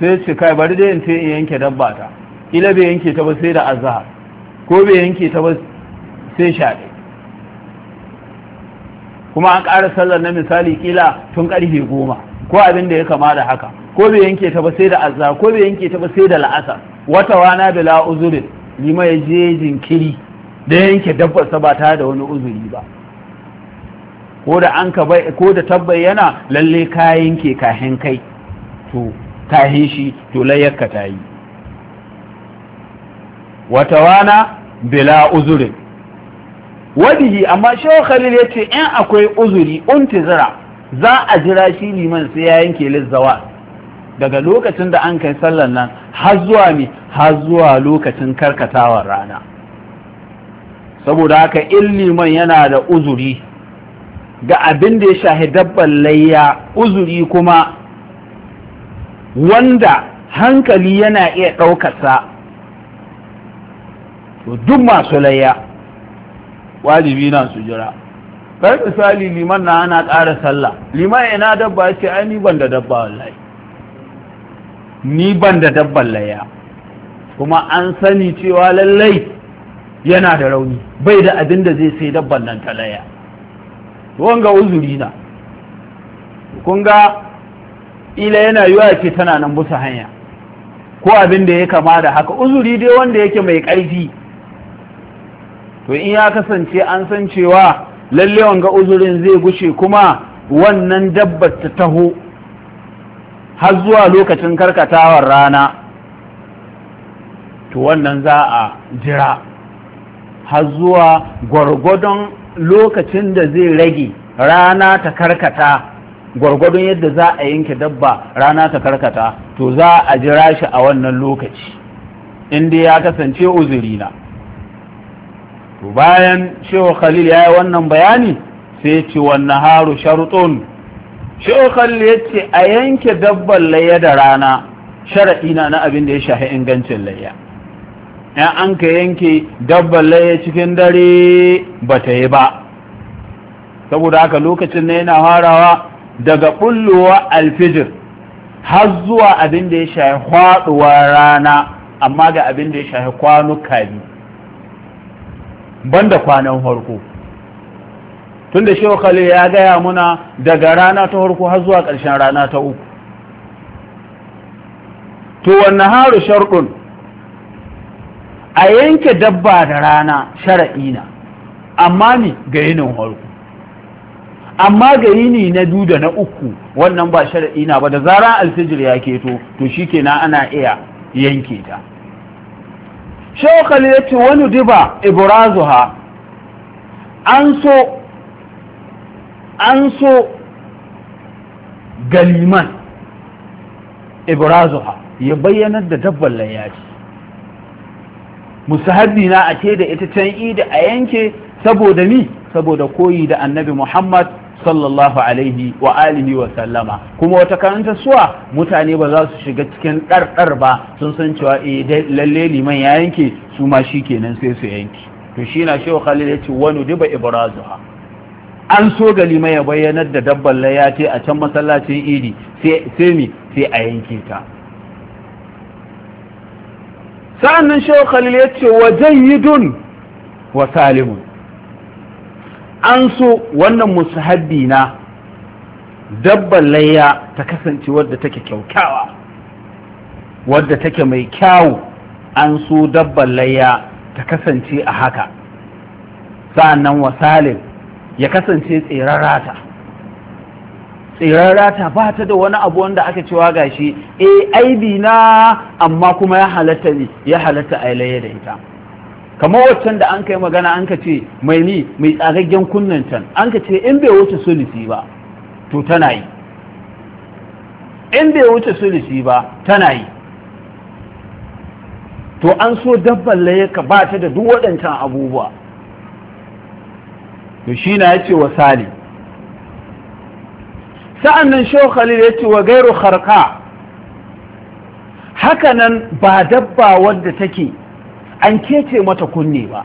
sai ci kai bari dai in ce in yanke dabba ta kila bai yanke ta ba sai da azahar ko bai yanke ta ba sai shaɗe kuma an ƙara sallar na misali kila tun ƙarfe goma ko abin da ya kama da haka ko bai yanke ta ba sai da azza ko bai yanke ta ba sai da la'asar wata wana bila uzurin lima ya je jinkiri da yanke dabbar sa ba ta da wani uzuri ba ko da an ka bai ko da tabbayyana lalle ka yanke kahin kai to kahin shi to layyarka ta yi wata wana bila uzurin wadihi amma shehu khalil ya ce in akwai uzuri zira za a jira shi liman sai ya yanke lizzawa daga lokacin da an kai sallan nan har zuwa ne har zuwa lokacin karkatawar rana saboda haka in liman yana da uzuri ga abin da ya shahi dabban layya uzuri kuma wanda hankali yana iya ɗaukarsa to duk masu layya wajibi na su jira kar misali liman na ana ƙara sallah liman ina dabba ce ai ni ban da dabba wallahi ni ban da dabban laya kuma an sani cewa lallai yana da rauni bai da abin da zai sai dabban nan ta laya wanga uzuri na kun ga ila yana yiwa ce tana nan busa hanya ko abin da ya kama da haka uzuri dai wanda yake mai ƙarfi to in ya kasance an san cewa lalle wanga uzurin zai gushe kuma wannan dabbar ta taho har zuwa lokacin karkatawar rana to wannan za a jira har zuwa gwargwadon lokacin da zai rage rana ta karkata gwargwadon yadda za a yanke dabba rana ta karkata to za a jira shi a wannan lokaci inda ya kasance uzuri na. to bayan shehu khalil ya yi wannan bayani sai ya ce wannan haru sharuɗun shehu khalil ya ce a yanke dabbar layya da rana sharaɗi na na abin da ya shafi ingancin layya ya an ka yanke dabbar layya cikin dare ba ta yi ba saboda haka lokacin na yana farawa daga bullowa alfijir har zuwa abin da ya shafi faɗuwa rana amma ga abin da ya shafi kwanuka biyu banda kwanan farko tunda shehu khalil ya gaya muna daga rana ta farko har zuwa ƙarshen rana ta uku to wanne haru sharɗin a yanke dabba da rana shara'ina amma ni ga yinin farko amma ga yini na biyu da na uku wannan ba shara'ina ba da zaran alfijir ya keto to shikenan ana iya yanke ta shawakali ya ce wani diba ha an so an so galiman ha ya bayyanar da dabbar layaci musahabi na a ke da ita can idi a yanke saboda ni saboda koyi da annabi muhammad sallallahu alaihi wa alihi wa sallama kuma wata karanta suwa mutane ba za su shiga cikin ɗarɗar ba sun san cewa eh lalle liman ya yanke su ma shi kenan sai su yanke to shi na shehu khalil ya ce wani duba ibrazuha an so ga liman ya bayyanar da dabbar ce a can masallacin idi sai mi sai a yanke ta sa'annan shehu khalil ya ce wa jayyidun wa salimun an so wannan musahabbi na dabbar layya ta kasance wadda take kyaukyawa wadda take mai kyawu an so dabbar layya ta kasance a haka sa'annan wasalin ya kasance tseren rata rata ba ta da wani abu wanda aka cewa gashi eh aibi na amma kuma ya halatta ne ya halatta a da ita kamar waccan da an kai magana an ka ce mai ni mai tsagaggen kunnen can an ka ce in bai wuce sulisi ba to tana yi in bai wuce sulisi ba tana yi to an so dabban laye ka ba ta da duk waɗancan abubuwa to shi na ya ce wa sali sa'an nan shehu khalil ya ce wa gairu harka hakanan ba dabba wadda take an kece mata kunne ba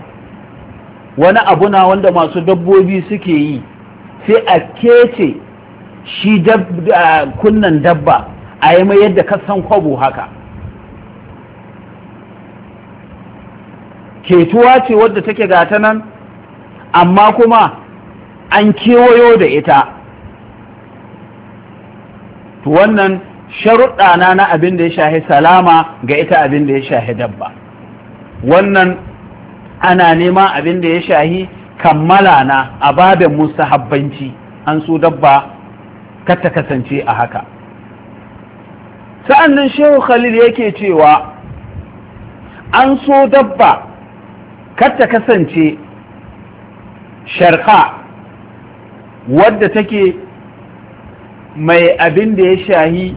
wani abu na wanda masu dabbobi suke yi sai a kece shi kunnan dabba a yi mai yadda ka san kwabo haka ketuwa ce wadda take gata nan amma kuma an kewayo da ita wannan sharuɗa na na abin da ya shahi salama ga ita abin da ya shahi dabba wannan ana nema abin da ya shahi kammala na a babin habbanci, an so dabba ka kasance a haka sa'an shehu khalil yake cewa an so dabba kar kasance sharka wadda take mai abin da ya shahi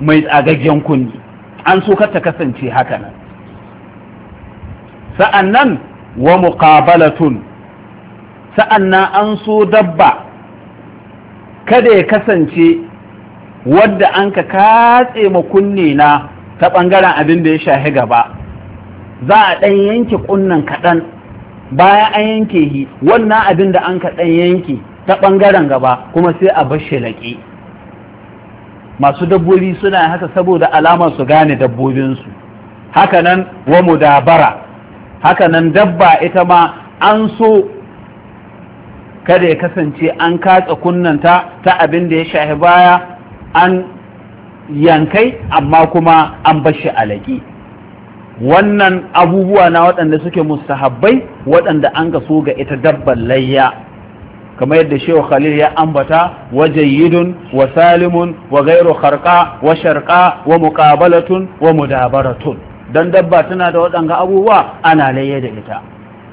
mai tsagaggen kunni an so kar kasance haka nan sa'annan wa muqabalatun sa'annan an so dabba kada ya kasance wadda an ka katse kunne na ta ɓangaren abin da ya shahi gaba za a ɗan yanke ƙunnan kaɗan bayan an yanke hi wannan abin da an ka ɗan yanke ta ɓangaren gaba kuma sai a bar laƙi masu dabbobi suna haka saboda alamar su gane dabbobinsu Haka nan wa mudabara haka nan dabba ita ma an so kada ya kasance an katsa kunnanta ta abin da ya shahi baya an yankai amma kuma an bashi alaƙi wannan abubuwa na waɗanda suke mustahabbai waɗanda an ga so ga ita dabban layya kamar yadda shehu khalil ya ambata wa jayyidun wa salimun wa gairu kharqa wa sharqa wa muqabalatun wa mudabaratun don dabba tana da waɗanga abubuwa ana laye da ita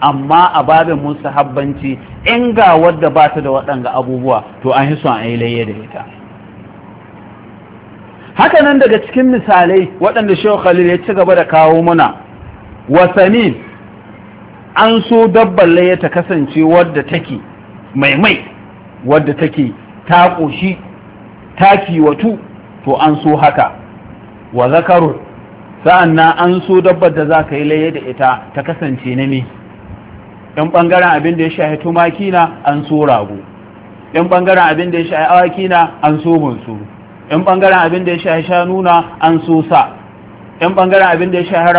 amma a babin habbanci, in ga wadda ba ta da waɗanga abubuwa to an yi son a yi laye da ita haka nan daga cikin misalai waɗanda shehu khalil ya ci gaba da kawo mana, wasanni an so dabbar laye ta kasance wadda take mai mai wadda take ta ƙoshi ta kiwatu to an so haka wa zakarun sa'an na an so dabbar da za ka yi laye da ita ta kasance na nami Yan ɓangaren abin da ya shahi tumaki na an so rago Yan ɓangaren abin da ya shahi awaki na an so bunsu Yan ɓangaren abin da ya shahi shanu na an so sa Yan ɓangaren abin da ya shahi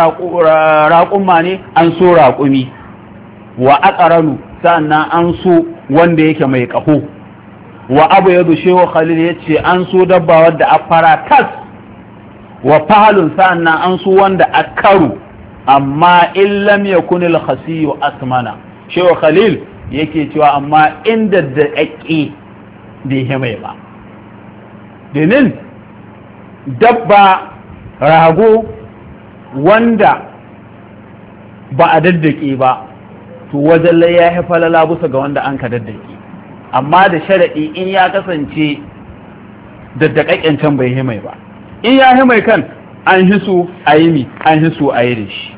raƙumma ne an so raƙumi wa ƙaranu sa'an na an so wanda yake mai ƙaho wa abu ya dushe wa khalil ya ce an so dabba wadda a fara tas wa fahalun sa'an nan an su wanda a karu amma in lam yakun al khasiyu asmana shewa khalil yake cewa amma inda da bai himai ba domin dabba rago wanda ba a daddake ba to wajen lai ya haifa lalabusa ga wanda an ka daddake amma da sharaɗi in ya kasance daddakakken can bai himai ba in ya yi mai kan an hisu a yi mi an su a yi da shi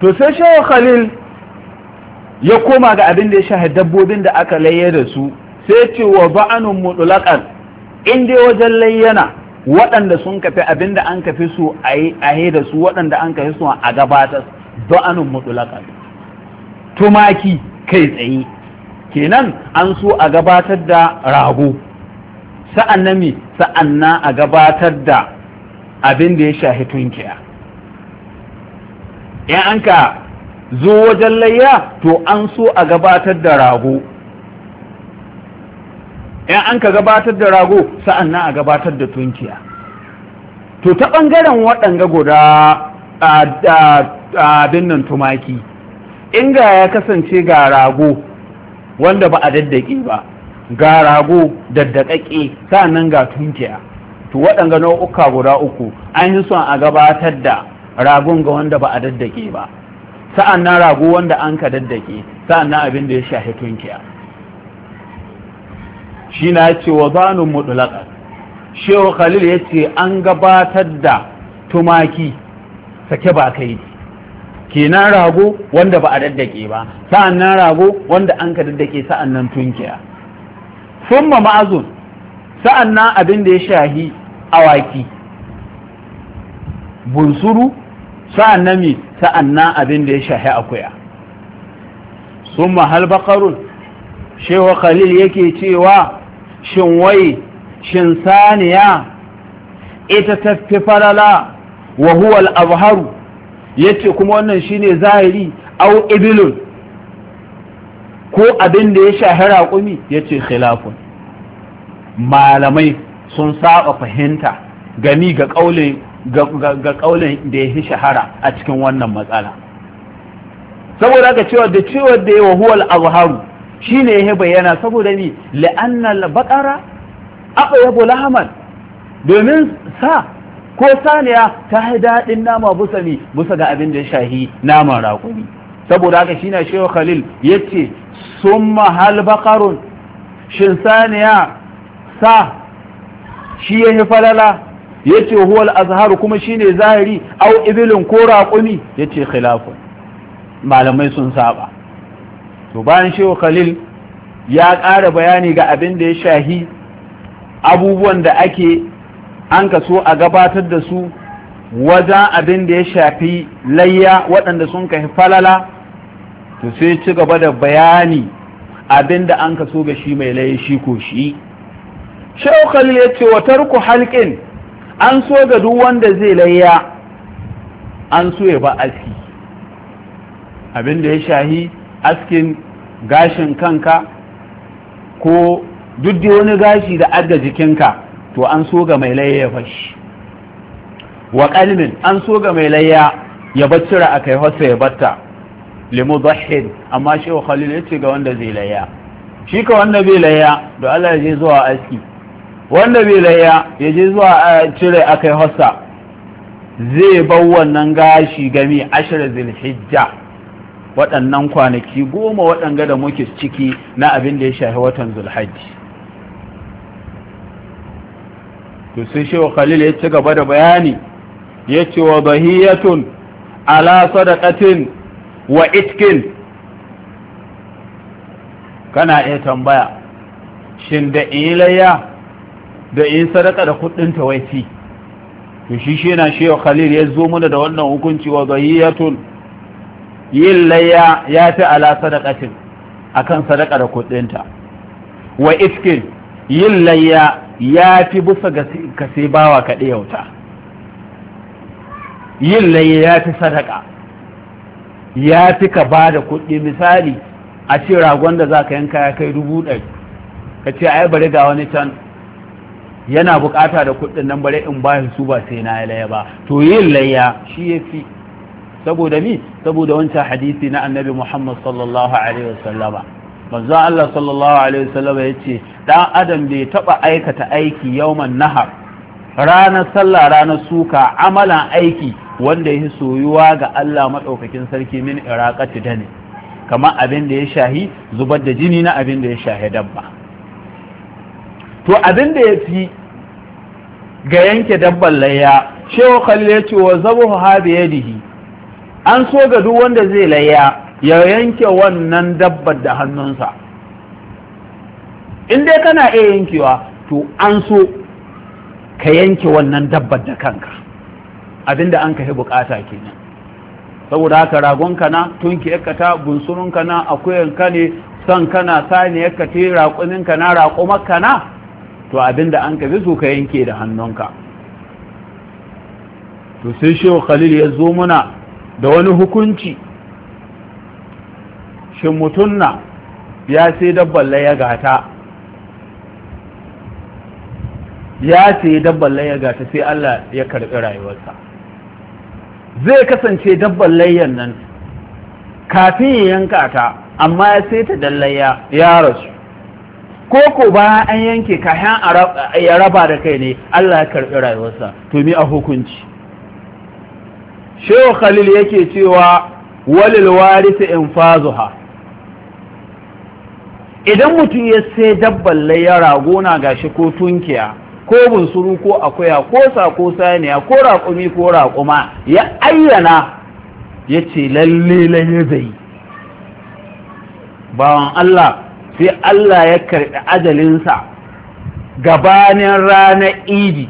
to sai shawar khalil ya koma ga abin da ya shaha dabbobin da aka laye da su sai ce wa ba'anun mutulakan in dai wajen layyana waɗanda sun kafi abin da an kafi su a yi da su waɗanda an kafi su a gabatar ba'anun mutulakan tumaki kai tsaye kenan an so a gabatar da rago sa'an na mi sa'an na a gabatar da abin da ya shahi tunkiya Yan an ka zo wajen layya to an so a gabatar da rago Yan an ka gabatar da rago sa'an na a gabatar da tunkiya to ta ɓangaren waɗanga guda abin nan tumaki inga ya kasance ga rago wanda ba a daddake ba ga rago daddakake sa'annan ga tunkiya to waɗanga nau'uka guda uku an yi son a gabatar da ragon ga wanda ba a daddake ba sa'annan rago wanda an ka daddake sa'annan abin da ya shahi tunkiya shi na ce wa zanun mutulakar shehu khalil ya ce an gabatar da tumaki sake ba kai kenan rago wanda ba a daddake ba sa'annan rago wanda an ka daddake sa'annan tunkiya summa ma'azun sa'annan abin da ya shahi awaki bunsuru sa'annan mi sa'annan abin da ya shahi akuya summa hal baqarun shewa khalil yake cewa shin wai shin saniya ita ta farala wa huwa al-azharu yace kuma wannan shine zahiri au ibilun ko abin da ya shahara kumi ya ce khilafun malamai sun saba fahimta gami ga kaulin ga kaulin da ya fi shahara a cikin wannan matsala saboda ka cewa da cewa da yawa huwal azharu shine ya bayyana saboda ni al baqara bula lahman domin sa ko saniya ta yi daɗin nama busa ne busa ga abin da ya shahi naman raƙumi saboda haka shi shehu khalil yace summa hal baqarun shin saniya sa shi yahi falala yace huwal azharu kuma shine zahiri au ibilin ko raqumi yace khilafun malamai sun saba to bayan shehu khalil ya ƙara bayani ga abin da ya shahi abubuwan da ake an so a gabatar da su wajen abin da ya shafi layya waɗanda sun kai falala to sai ci gaba da bayani abinda an kaso ga shi mai laye shi ko shi shaukal ya ce wa tarku halƙin an so ga duk wanda zai layya an so ya ba aski abinda ya shahi askin gashin kanka ko duk da wani gashi da adda jikinka to an so ga mai layya ya fashi wa kalmin an so ga mai layya ya bacci a kai hosa ya batta limudahhin amma shehu khalil yace ga wanda zai layya shi ka wanda bai layya da Allah ya zuwa aski wanda bai layya yaje zuwa eh, cire akai hossa zai bar wannan gashi gami ashir zilhijja waɗannan kwanaki goma waɗanga da muke ciki na abin da ya shafi watan zulhajji to sai shehu khalil ya ci gaba da bayani ya ce wa bahiyatun ala sadaqatin wa itkin kana iya tambaya shin da in layya da in sadaka da kudin tawaifi to shi shi na shewa khalil ya zo mana da wannan hukunci wa zahiyatun yin layya ya fi ala sadakatin akan sadaka da kudinta wa itkin yin layya ya fi busa ga sai bawa kaɗe yauta yin layya ya fi sadaka ya fi ka ba da kuɗi misali a ce ragon da za ka yanka ya kai dubu ɗari ka ce ai bari ga wani can yana bukata da kuɗin nan bari in ba su ba sai na laya ba to yin layya shi ya fi saboda mi saboda wancan hadisi na annabi muhammad sallallahu alaihi wasallama manzo Allah sallallahu alaihi ya ce dan adam bai taba aikata aiki yawman nahar ranar sallah ranar suka amalan aiki wanda ya soyuwa ga Allah maɗaukakin sarki min iraqati ne, kama abin da ya shahi zubar da jini na abin da ya shahi dabba to abin da ya fi ga yanke dabban layya shehu khalil ya ce wa Zabuhu ha yadihi an so ga duk wanda zai layya ya yanke wannan dabbar da hannunsa in dai kana iya yankewa to an so ka yanke wannan dabbar da kanka abinda an kai bukata kenan saboda haka ragon kana tunki yakata bunsurun kana akuyan ka ne san kana sani yakati raƙunin kana raƙumar na, to abinda an kafi su ka yanke da hannunka to sai shi khalil ya zo muna da wani hukunci shin mutum na ya sai dabban ya gata ya sai ya gata sai Allah ya karɓi rayuwarsa zai kasance dabban layyan nan kafin ya yanka ta amma ya sai ta dallaya ya rasu ko ko bayan an yanke kayan ya raba da kai ne Allah ya karɓi rayuwarsa to mi a hukunci shehu khalil yake cewa walil warisi in fazuha idan mutum ya sai dabban layya ragona gashi ko tunkiya ko bunsuru ko akwaya ko sako saniya ko raƙumi ko raƙuma ya ayyana ya ce lalle lalle zai bawan Allah sai Allah ya karɓi ajalinsa gabanin rana idi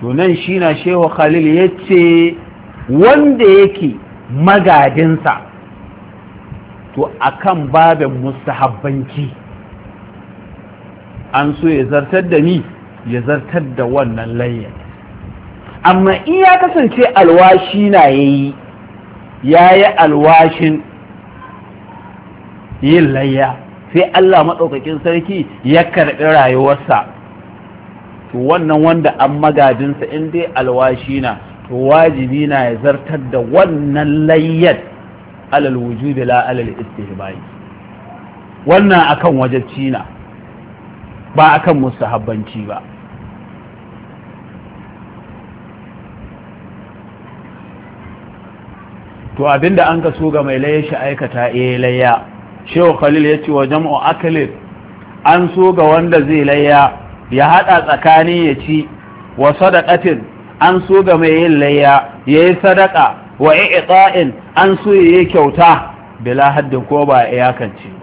tunan shi na shehu khalil ya ce wanda yake magadinsa to akan babin mustahabbanci an so ya zartar da ni ya zartar da wannan layyar. amma in ya kasance alwashi na ya yi ya yi alwashin yin layya sai Allah maɗaukakin sarki ya karɓi rayuwarsa to wannan wanda an magadinsa in dai alwashi na to wajibi na ya zartar da wannan layyar alal wujudi la alal istihbai wannan akan wajen na ba kan mustahabbanci ba to abinda an so ga mai laye shi aikata eh layya shehu khalil ya ce wa jam'u an so ga wanda zai layya ya haɗa tsakanin ya ci wa sadaqatin an so ga mai yin layya yayi yi wa i'ta'in an so yi kyauta bila haddin ko ba iyakance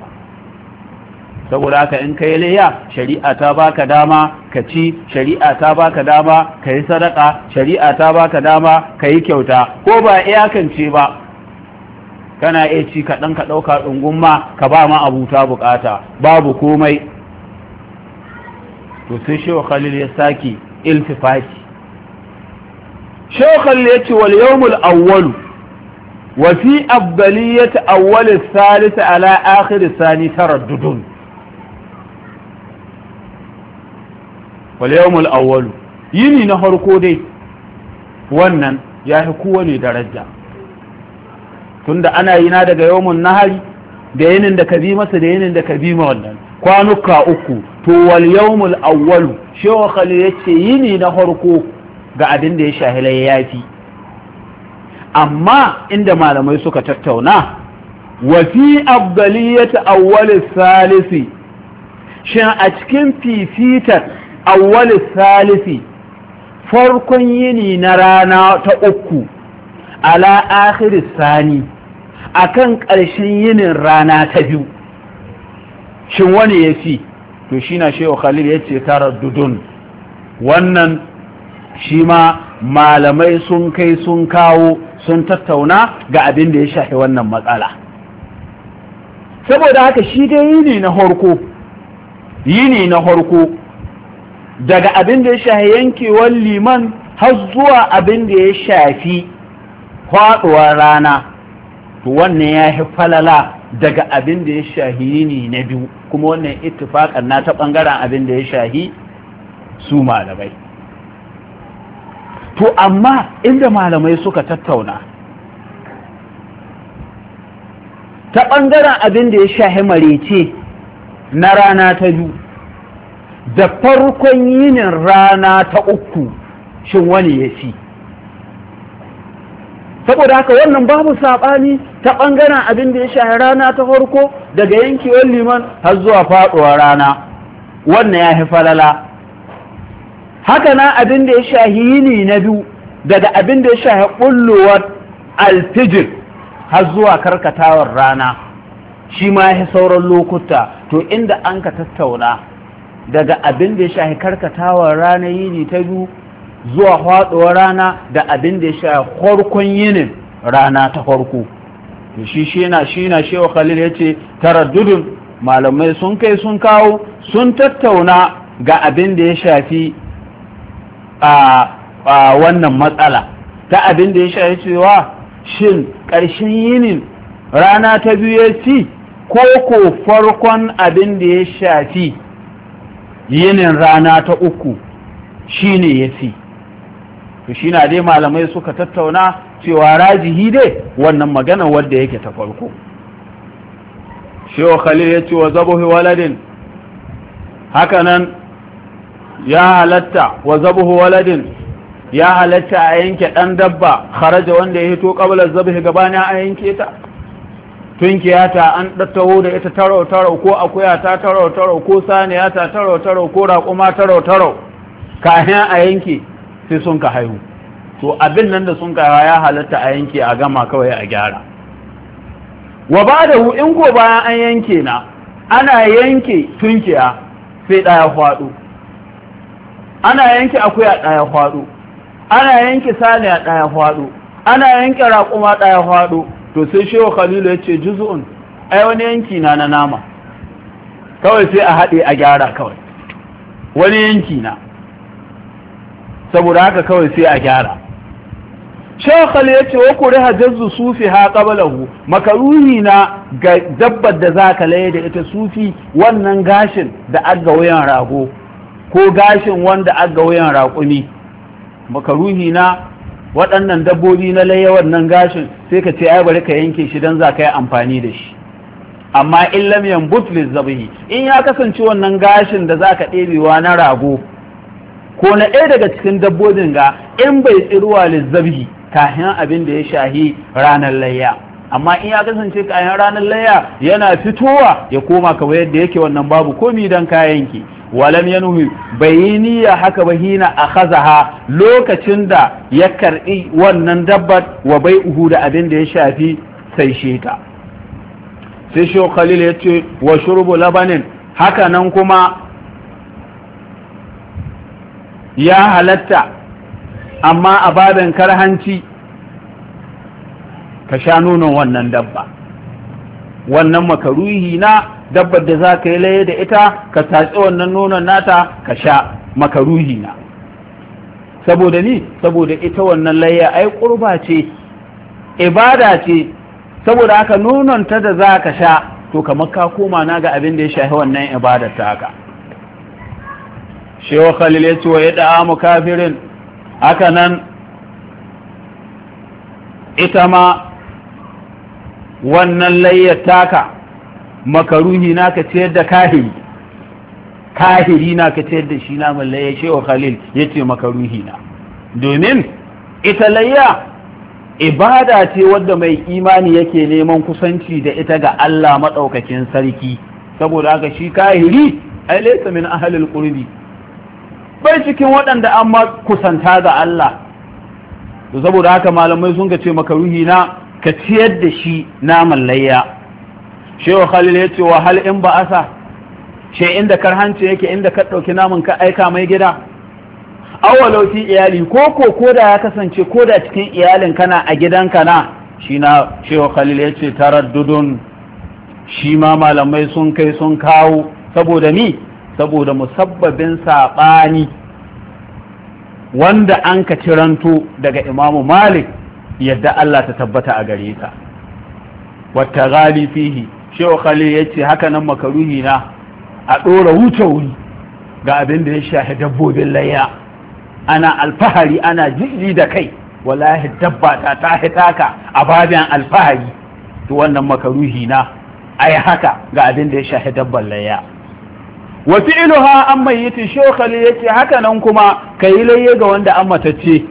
saboda haka in yi layya shari'a ta baka dama ka ci shari'a ta baka dama ka yi sadaka shari'a ta baka dama ka yi kyauta ko ba iyakance ba kana iya ci kaɗan ka ɗauka ɗungun ma ka ba ma abuta bukata babu komai to sai shehu khalil ya saki iltifati shehu khalil ya ce wal yawmul awwalu wa fi afdaliyati awwal thalith ala akhir sani taraddudun wal yawmul awwal yini na harko dai wannan ya fi kowane daraja tunda ana yi na daga yawmun nahari da yinin da ka bi masa da yinin da ka bi ma wannan kwanuka uku to wal yawmul awwal shewa khali yace yini na harko ga abin da ya shahi ya yafi. amma inda malamai suka tattauna wa fi afdaliyat awwal salisi shin a cikin fifitar awwal salisi farkon yini na rana ta uku ala akhir sani akan ƙarshen yinin rana ta biyu shin wani ya fi to shi na shehu khalil ya ce tara dudun wannan shi ma malamai sun kai sun kawo sun tattauna ga abin da ya shafi wannan matsala saboda haka shi dai yini na horko yini na horko daga abin da ya shafi yankewar liman har zuwa abin da ya shafi kwaɗuwar rana to wannan ya fi falala daga abin da ya shahi ne na biyu kuma wannan ittifakar na ta ɓangaren abin da ya shahi su malamai to amma inda malamai suka tattauna ta ɓangaren abin da ya shahi marece na rana ta biyu da farkon yinin rana ta uku shin wani ya ci saboda haka wannan babu saɓani ta ɓangaren abin da ya shahi rana ta farko daga yankewar liman har zuwa faɗuwar rana wannan ya fi falala haka na abin da ya shahi yini na biyu daga abin da ya shahi ɓullowar alfijir har zuwa karkatawar rana shi ma ya sauran lokuta to inda an ka tattauna daga abin da ya shahi karkatawa ranar yini ta biyu zuwa haɗuwar rana da abin da ya shahi farkon yinin rana ta farko shi shi na shi na shewa khalil ya ce taraddudun malamai sun kai sun kawo sun tattauna ga abin da ya shafi a wannan matsala ta abin da ya shafi cewa shin ƙarshen yinin rana ta biyu ya ci ko ko farkon abin da ya shafi yinin rana ta uku shine ya fi to shi na dai malamai suka tattauna cewa rajihi dai wannan magana wadda yake ta farko shewa khalil ya ce wa zabuhi waladin hakanan ya halatta wa zabuhu waladin ya halatta a yanke ɗan dabba kharaja wanda ya hito ƙabalar zabuhi na a yanke ta tunkiya ta an dattaho da ita tarau tarau ko akuya ta tarau tarau ko saniya ta tarau tarau ko raƙuma tarau taro kayan a yanke sai sun ka haihu to abin nan da sun ka ya halatta a yanke a gama kawai a gyara wa ba da in ko bayan an yanke na ana yanke tunkiya sai ɗaya faɗo ana yanke akuya ɗaya faɗo ana yanke saniya ɗaya faɗo ana yanke raƙuma ɗaya faɗo to sai shehu khalilu ya ce juz'un ai wani yanki na na nama kawai sai a haɗe a gyara kawai wani yanki na saboda haka kawai sai a gyara shehu ya ce wa kuri hajjazzu sufi ha qabalahu makaruni na ga dabbar da zaka laye da ita sufi wannan gashin da aga wuyan rago ko gashin wanda aga wuyan raƙumi makaruni na waɗannan dabbobi na layyawar nan gashin sai ka ce ai bari ka yanke shi don za ka yi amfani da shi amma in but yanbut lizabihi in ya kasance wannan gashin da za ka ɗebewa na rago ko na ɗaya daga cikin dabbobin ga in bai tsiruwa lizabihi kayan abin da ya shahi ranar layya amma in ya kasance kayan ranar layya yana fitowa ya koma kamar yadda yake wannan babu komi don kayan ki walam bai bayini ya haka ba hina akhazaha lokacin da ya karbi wannan dabbar wa bai uhu da abin da ya shafi sai shi sai shi khalil ya ce wa shurbu labanin haka nan kuma ya halatta amma a babin karhanci ka sha nonon wannan dabba wannan makaruhi na dabbar da za ka yi laye da ita ka tatsi wannan nonon nata ka sha makaruhi na saboda ni saboda ita wannan laye ai kurba ce ibada ce saboda haka nonon ta da za ka sha to kamar ka koma na ga abin da ya shahi wannan ibadar ta haka shewa khalil ya ce wa ya mu kafirin haka nan ita ma wannan layyar taka makaruhi na ka ciyar da kahiri kahiri na ka ciyar da shi naman ce wa khalil ya ce makaruhi na domin ita layya ibada ce wadda mai imani yake neman kusanci da ita ga Allah maɗaukakin sarki saboda haka shi kahiri ai laysa min ahlil qurbi bai cikin waɗanda an ma kusanta ga Allah saboda haka malamai sun ga ce makaruhi na ka ciyar da shi naman layya shehu khalil ya ce wa hal in ba asa she inda karhanci yake inda ka ɗauki namun ka aika mai gida awwalau fi iyali ko ko koda ya kasance koda cikin iyalin kana a gidanka na shi na shehu khalil ya ce taraddudun shi ma malamai sun kai sun kawo saboda ni saboda musabbabin saɓani wanda an ka ciranto daga imamu malik yadda Allah ta tabbata a gare ta wata fihi shehu khali ya ce haka nan makaruhi na a ɗora wuce wuri ga abin da ya shahi dabbobin layya ana alfahari ana jiri da kai wallahi dabba ta ta hitaka a babin alfahari to wannan makaruhi na ai haka ga abin da ya shahi dabban layya wa fi'luha an mayyitin shehu khali ya ce haka nan kuma kayi layya ga wanda an matacce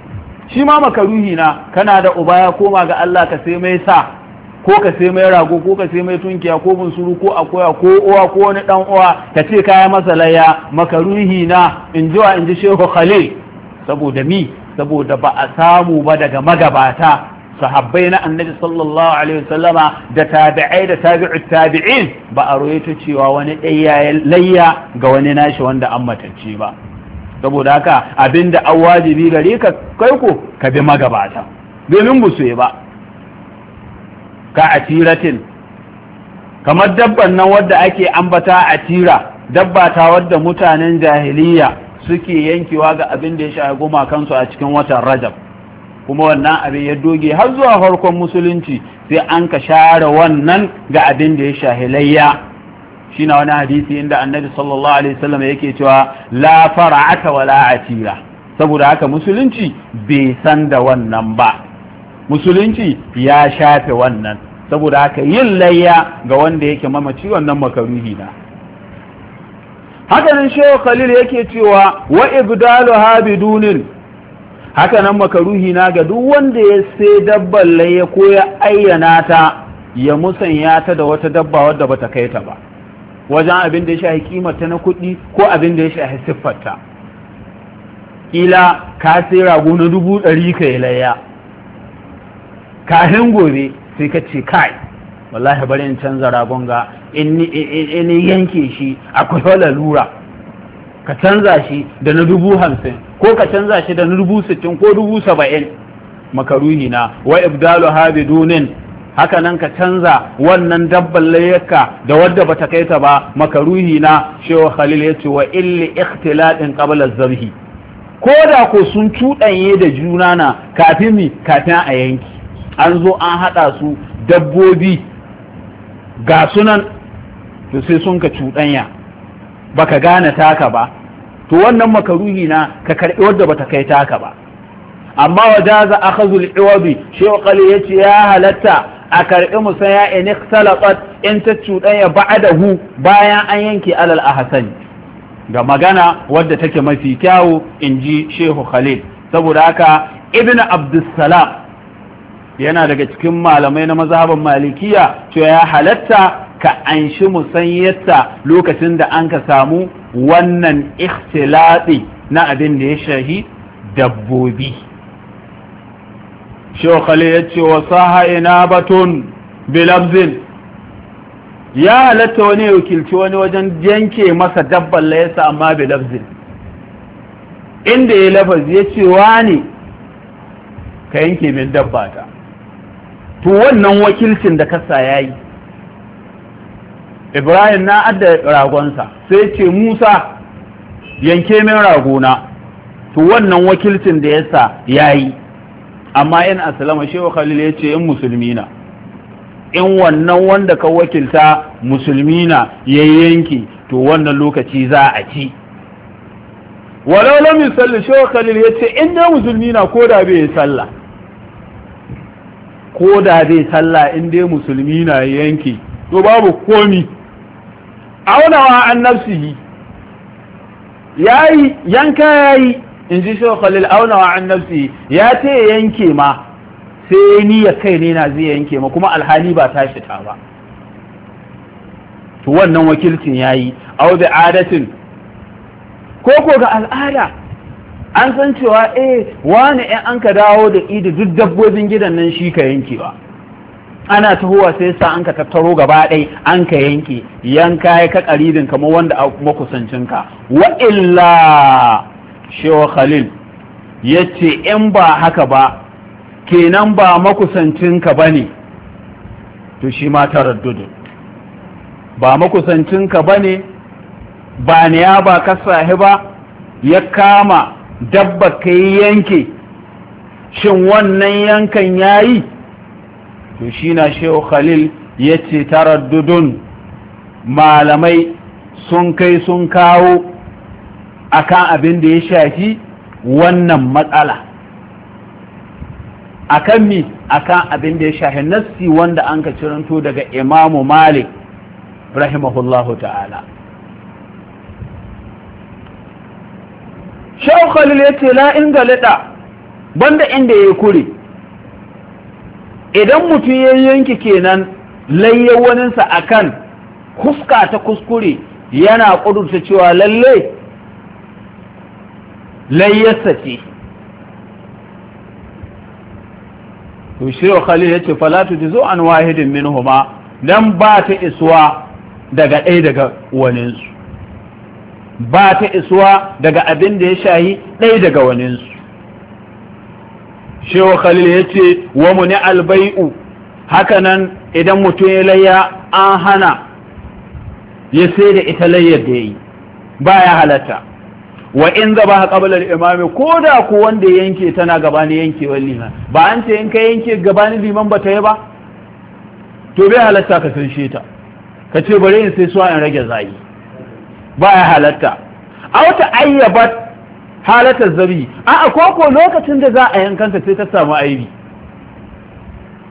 shi ma makaruhi na kana da uba ya koma ga Allah ka sai mai sa ko ka sai mai rago ko ka sai mai tunkiya ko bunsuru ko akoya ko uwa ko wani dan uwa ka ce kaya masa laya makaruhi na in ji wa in ji shehu khalil saboda mi saboda ba a samu ba daga magabata sahabbai na annabi sallallahu alaihi wasallama da tabi'ai da tabi'ut tabi'in ba a ta cewa wani ɗaya layya ga wani nashi wanda an matacce ba saboda haka abinda an wajibi gare ka kai ko ka bi magabata domin ba su ba ka atiratin kamar dabban nan wadda ake ambata a tira dabba ta wadda mutanen jahiliya suke yankewa ga abin da ya sha kansu a cikin watan rajab kuma wannan abin ya doge har zuwa farkon musulunci sai an ka share wannan ga abin da ya shahilayya shi na wani hadisi inda annabi sallallahu alaihi wasallam yake cewa la fara'ata wala atira saboda haka musulunci bai san da wannan ba musulunci ya shafe wannan saboda haka yin layya ga wanda yake mamaci wannan makaruhi na hakanan shehu khalil yake cewa wa ibdalu habidunin hakanan makaruhi na ga duk wanda ya sai dabbar layya ko ya ayyana ta ya musanya ta da wata dabba wadda bata kai ta ba wajen abin da ya shahi kimarta na kuɗi ko abin da ya shahi siffarta kila ka sai rago na dubu ɗari ka yi layya kahin gobe sai ka ce kai wallahi bari in canza ragon ga in yanke shi akwai wala lura ka canza shi da na dubu hamsin ko ka canza shi da na dubu sittin ko dubu saba'in makaruhi na wa ibdalu dunin haka nan ka canza wannan dabban layyaka da wadda bata kai ta ba makaruhi na Shehu khalil ya ce wa illi ikhtilatin qabla zarhi ko da ko sun cuɗanye da juna na kafin kafin a yanki an zo an haɗa su dabbobi ga sunan to sai sun ka cuɗanya ba ka gane taka ba to wannan makaruhi na ka karɓi wadda ta kai taka ba amma wajaza akhazul iwabi shehu qali yace ya halatta a karɓi musaya in ikhtalatat in ta cuɗanya ba da hu bayan an yanke alal a ahsan ga magana wadda take mafi kyawu in ji shehu khalil saboda haka ibnu Abdulsalam. yana daga cikin malamai na mazhabin malikiya To ya halatta ka anshi musanyatta lokacin da an ka samu wannan ikhtilati na abin da ya shahi dabbobi shokali ya ce wa saha ina batun bilabzin ya halatta wani wakilci wani wajen yanke masa dabban layasa amma bilabzin inda ya lafazi ya ce ne ka yanke min dabba ta to wannan wakilcin da kasa ya yi ibrahim na adda ragonsa sai ce musa yanke min ragona to wannan wakilcin da ya sa ya yi amma in asalama shewa khalil ya ce in musulmi in wannan wanda ka wakilta musulmi na ya yanki to wannan lokaci za a ci walau lam yusalli shewa khalil ya ce in musulmina musulmi na ko da bai sallah ko da zai sallah in dai musulmi na yanke to babu komi aunawa an nafsihi yayi yanka yayi in ji shi khalil aunawa an nafsihi ya ce yanke ma sai ni ya kai ne na zai yanke ma kuma alhali ba ta ta ba to wannan wakilcin yayi au bi adatin ko ko ga al'ada an san cewa eh wani ɗan an ka dawo da idi duk dabbobin gidan nan shi ka yanke ba ana tahowa sai sa an ka tattaro gaba ɗai an ka yanke yanka ya ka ƙaridin kama wanda a makusancinka wa illa shewa khalil ya ce in ba haka ba kenan ba makusancinka ba ne to shi ma taraddudin ba makusancinka ba ne ba niya ba ka sahi ba ya kama dabba ka yi yanke shin wannan yankan ya yi to shi na shehu khalil ya ce taraddudun malamai sun kai sun kawo akan abin da ya shafi wannan matsala akan mi akan abin da ya shafi nassi wanda an ka ciranto daga imamu malik rahimahullahu ta'ala shehu khalil ya ce la'in inda lida banda inda ya kure idan mutum ya yanki kenan layya waninsa akan huska ta kuskure yana ƙudurta cewa lalle layyarsa ce to shehu khalil ya ce falatu zo an wahidin min huma don ba ta isuwa daga ɗaya daga waninsu ba ta isuwa daga abin da ya shayi ɗaya daga waninsu shewa khalil ya ce wa mu ni albai'u hakanan idan mutum ya layya an hana ya sai da ita layyar da ya yi ba ya halatta wa in zaba ha kabalar imami ko da ku wanda yanke tana gabanin yankewar liman ba an ce in ka yanke gabani liman ba ta yi ba to bai halatta ka sun ta ka ce bari in sai suwa in rage zayi Ba ya halatta A wata ayyabat halatar zabi a ko lokacin da za a yankanta sai ta samu aibi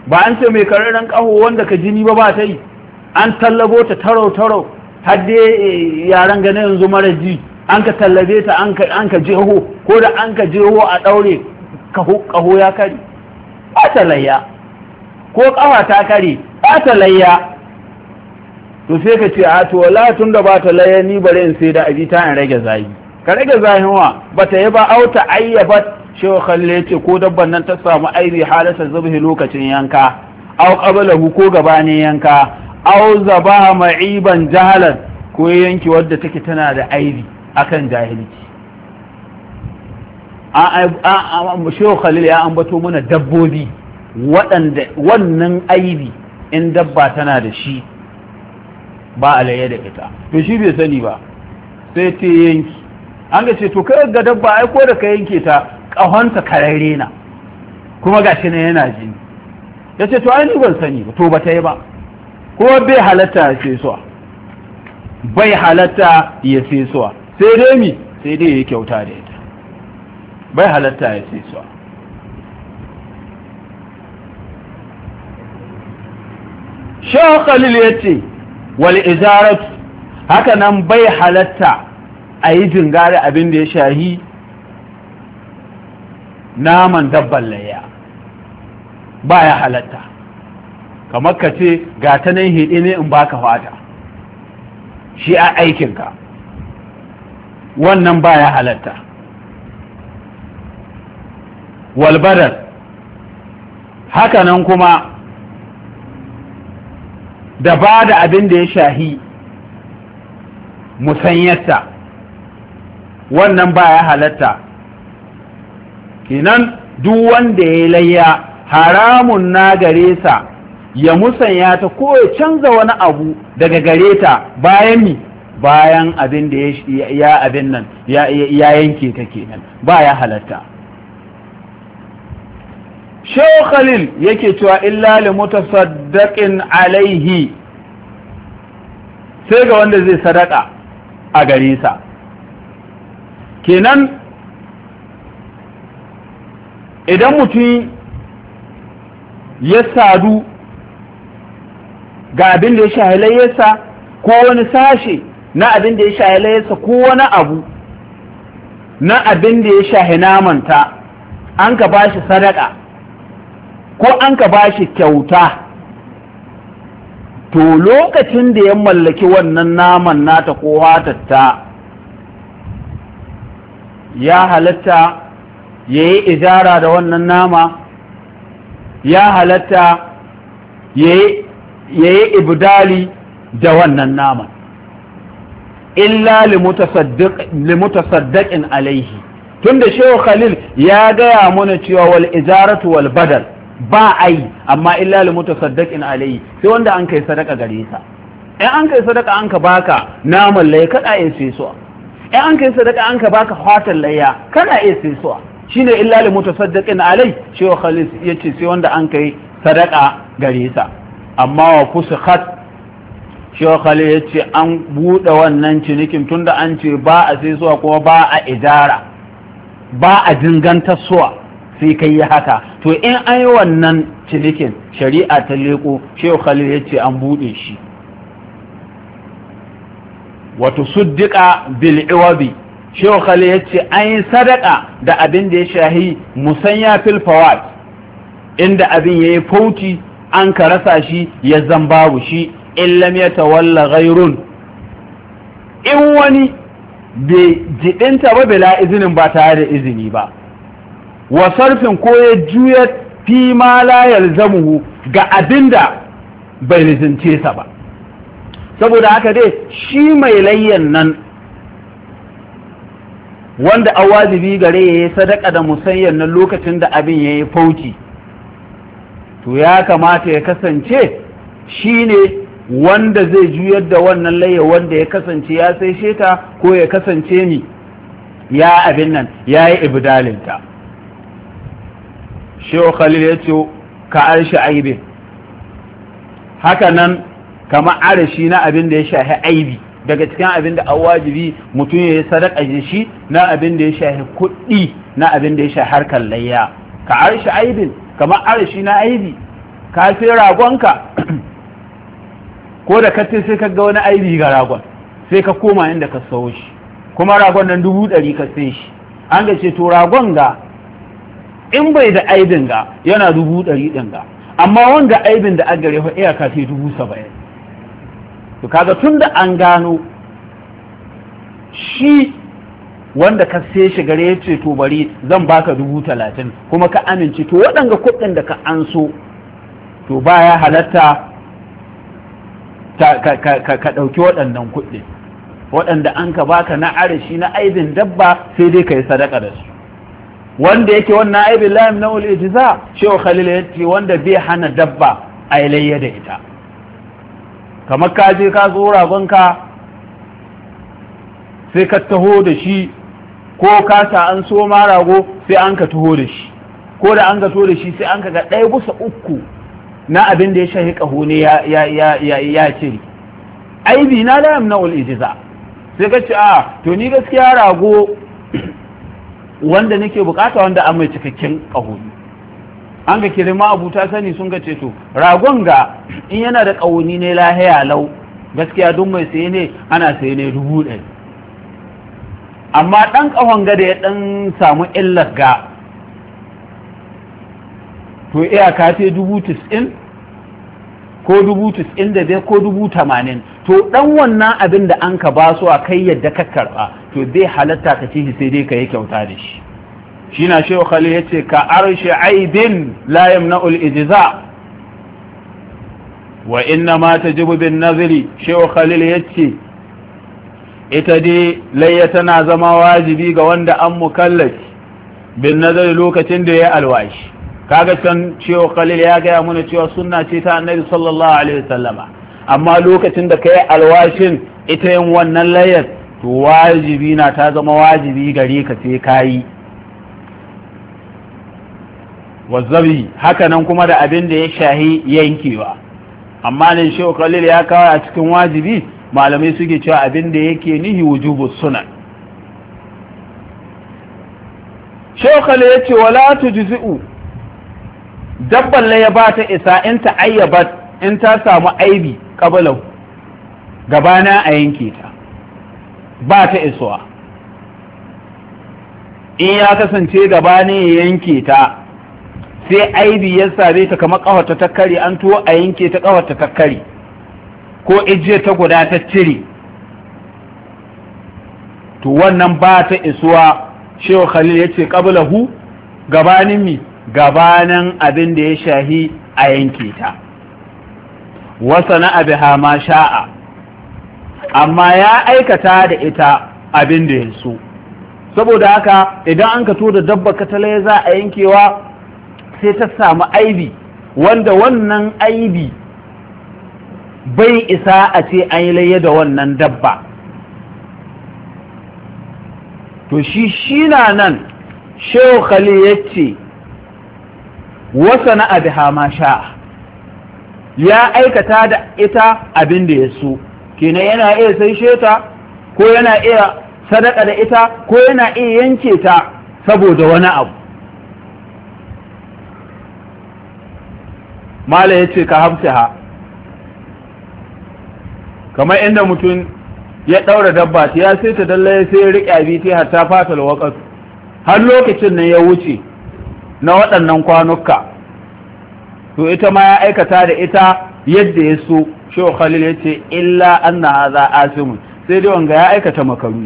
ba an ce mai kararren kaho wanda ka jini ba ba ta yi an tallabo ta taro taro har dai eh, yaran gane yanzu mara ji an ka tallabe ta an ka jeho ko da an ka jeho a ɗaure ƙaho ya kare ba ta layya ko kafa ta kare ba ta layya to sai ka ce a to wala tun da ba ta layani bare in sai da abi ta in rage zahi ka rage zahin wa ba ta yi ba auta ayyabat shewa khalle ce ko dabban nan ta samu aibi halata zubhi lokacin yanka aw qablahu ko gabani yanka au zaba ma'iban jahalan ko yanki wadda take tana da aibi akan jahilci shehu khalil ya ambato mana dabbobi waɗanda wannan aibi in dabba tana da shi ba a laye da ita to shi bai sani ba sai ta yanki an ga ce to kai ga dabba ai ko da ka yanke ta ƙahonta kararre na kuma ga shi na yana jini ya ce to ai ban sani ba to ba ta yi ba kuma bai halatta ya sai suwa bai halatta ya sai suwa sai dai mi sai dai ya kyauta da ita bai halatta ya sai suwa Shekhalil ya ce, wal izarat haka nan bai halatta a yi jingari abin da ya shahi naman dabban layya ba ya halatta kamar ka ce ga ta nan hiɗi ne in baka fata shi a aikinka wannan ba ya halatta walbadar haka nan kuma da ba da abin da ya shahi musanyarta wannan ba ya halatta kinan duk wanda ya layya haramun na gare sa ya musanya ta ko ya canza wani abu daga gare ta bayan mi bayan abin da ya abin nan ya yanke ta kenan ba ya halatta shehu khalil yake cewa illa li mutasaddaqin alaihi sai ga wanda zai sadaka a gare sa kenan idan mutum ya sadu ga abin da ya shahalayyarsa ko wani sashe na abin da ya shahalayyarsa ko wani abu na abin da ya shahi namanta an ka ba shi sadaka ko an ka ba shi kyauta to lokacin da ya mallaki wannan naman nata ko hatatta ya halatta ya yi ijara da wannan nama ya halatta ya yi ibdali da wannan naman illa limutasaddaƙin alaihi tun da shehu khalil ya gaya mana cewa wal ijaratu wal badal ba ai amma illa mutu mutasaddaqin alayhi sai wanda an kai sadaka gare sa in an kai sadaka an ka baka naman laye kada ya sai suwa in an kai sadaka an ka baka fatan laya, kana ya sai suwa shine illa lil mutasaddaqin alayhi shehu khalis yace sai wanda an kai sadaka gare sa amma wa fusikhat shehu khalis yace an bude wannan cinikin tunda an ce ba a sai suwa kuma ba a idara ba a dingantar suwa sai kai yi haka to in an yi wannan cinikin shari'a ta leko shehu khalil ya ce an buɗe shi wato suddika bil iwabi shehu khalil ya ce an yi sadaka da abin da ya shahi musanya fil fawad inda abin ya yi fauci an ka rasa shi ya zan babu shi in lam ya tawalla ghairun in wani bai jidinta ba bila izinin ba tare da izini ba wa sarfin ko ya juya fi ma la yalzamuhu ga da bai lizince sa ba saboda haka dai shi mai layyan nan wanda awazibi gare ya yi sadaka da musayyan nan lokacin da abin ya yi fauci to ya kamata ya kasance shi ne wanda zai juyar da wannan layya wanda ya kasance ya sai sheta ko ya kasance ni ya abin nan ya yi ibidalinta shehu khalil ya ce ka arshi aibi haka nan kama arshi na abin da ya shahi aibi daga cikin abin da awajibi wajibi mutum ya yi sadaka shi na abin da ya shahi kuɗi na abin da ya shahi harkar layya ka arshi aibin kama arshi na aibi ka sai ragonka ko da ka sai ka ga wani aibi ga ragon sai ka koma inda ka sawo shi kuma ragon nan dubu ɗari ka sai shi an ga ce to ragon ga in bai da aibin ga yana dubu ɗari ɗin ga amma wanda aibin da an gare iyaka sai dubu saba'in to kaga tun da an gano shi wanda ka sai shi gare ya ce to bari zan baka dubu talatin kuma ka amince to waɗanga kuɗin da ka an so to baya halatta ka ɗauki waɗannan kuɗin waɗanda an ka baka na arashi na aibin dabba sai dai ka yi sadaka da su wanda yake wannan aibin layin na ul'ijiza shehu khalil ya ce wanda bai hana dabba a ilayya da ita kamar ka je ka zo ragonka sai ka taho da shi ko ka sa an so ma rago sai an ka taho da shi ko da an to da shi sai an ga ɗaya gusa uku na abin da ya shahi ƙaho ne ya ce aibi na layin na ul-ijiza. sai ka ce a ah, to ni gaskiya rago wanda nake bukata wanda an mai cikakken ƙaho an ga kirima abuta sani sun ga ceto ragon ga in yana da ƙahoni ne lahiya lau gaskiya duk mai saye ne ana saye ne dubu ɗari amma ɗan ƙahon ga ya ɗan samu illar ga to iyaka ce dubu tis'in ko dubu tis'in da ko dubu tamanin to dan wannan abin da an ka ba su a kai yadda ka karɓa to zai halatta ka ci sai dai ka yi kyauta da shi shi na shehu khalil ya ce ka arshe aibin la yamna'ul ijza wa inna ma tajibu bin Naziri? shehu khalil ya ce ita dai layya tana zama wajibi ga wanda an mukallaci. bin nazari lokacin da ya alwashi kaga can shehu khalil ya gaya mana cewa sunna ce ta annabi sallallahu alaihi wasallama amma lokacin da ka yi alwashin ita yin wannan layar to wajibi na ta zama wajibi gare ka sai ka yi wazzabi hakanan kuma da abin da ya shahi yankewa amma nan shehu khalil ya kawo a cikin wajibi malamai suke cewa abin da yake nihi wujubu suna shehu ya ce wala tujzi'u dabban la ya ta isa in ta ayyabat in ta samu aibi ƙabalau gabana a yanke ta ba ta isuwa in ya kasance gabana ya yanke ta sai aibi ya same ta kamar ƙafarta ta kare an tuwo a yanke ta ƙawarta ta kare ko ije ta guda ta cire to wannan ba ta isuwa shehu khalil ya ce ƙabalahu gabanin mi gabanin abin da ya shahi a yanke ta wasa na abiha ma sha'a amma ya aikata da ita abin da ya so saboda haka idan an ka da dabba katale za a yankewa sai ta samu aibi wanda wannan aibi bai isa a ce an yi laye da wannan dabba to shi shina nan shehu khali ya ce wasa na ma sha'a ya aikata da ita abin da ya so kenan yana iya sai sheta ko yana iya sadaka da ita ko yana iya yanke ta saboda wani abu mala ya ce ka ha. kamar inda mutum ya ɗaura dabba ta ya sai ta dalla ya sai riƙe abi ta hatta fata har lokacin nan ya wuce na waɗannan kwanuka to ita ma ya aikata da ita yadda ya so shehu khalil ya ce illa anna hadha asimun sai dai wanga ya aikata makaru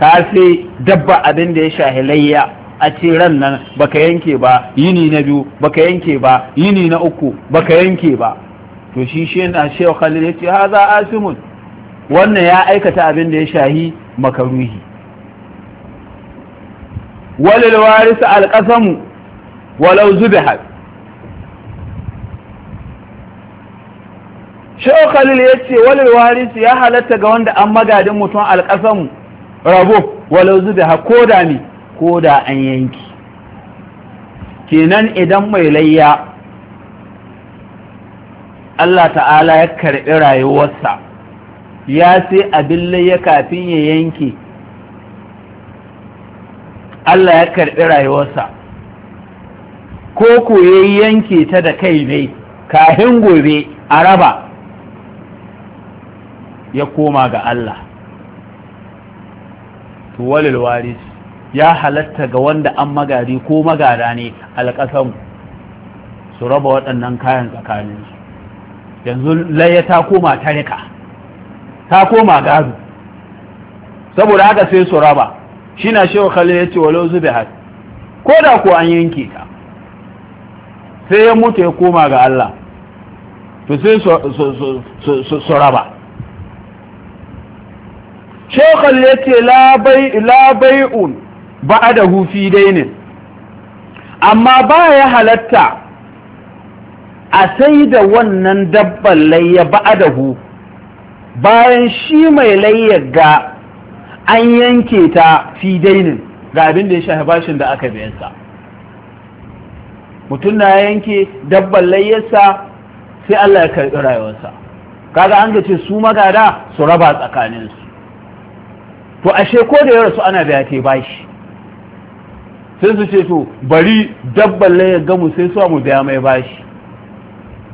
ka sai dabba abin da ya layya a ce ran nan baka yanke ba yini na biyu baka yanke ba yini na uku baka yanke ba to shi shi na shehu khalil ya ce hadha asimun wannan ya aikata abin da ya shahi makaruhi walil warisa alqasamu walau zubihat Shehu Khalil ya ce walil warisi ya halatta ga wanda an magadin mutum alƙasan rabo walau zubi ha da ne da an yanki kenan idan mai layya Allah ta'ala ya karɓi rayuwarsa ya sai abin layya kafin ya yanke Allah ya karɓi rayuwarsa ko ko ya yanke ta da kai ne kahin gobe a raba ya koma ga Allah to walil waris ya halatta ga wanda an magari ko magara ne alƙasan su raba waɗannan kayan tsakanin su yanzu laye ta koma tarika ta koma gado saboda haka sai su raba shi na shewa khalil ya ce walau zube hat ko da ku an yanke ta sai ya mutu ya koma ga Allah to sai su raba shekul ya ce labai'un ba a da hufi dainin amma ba ya halatta a sai da wannan dabban layya ba bayan shi mai layyar ga an yanke ta fi dainin ga abin da ya shafi bashin da aka biyansa mutum na yanke dabban layyarsa sai Allah ya karɓi rayuwarsa kaga an ce su magada su raba tsakaninsu to ashe ko da ya rasu ana biya ta bashi sai su ce to bari dabban ya gamu sai su mu biya mai bashi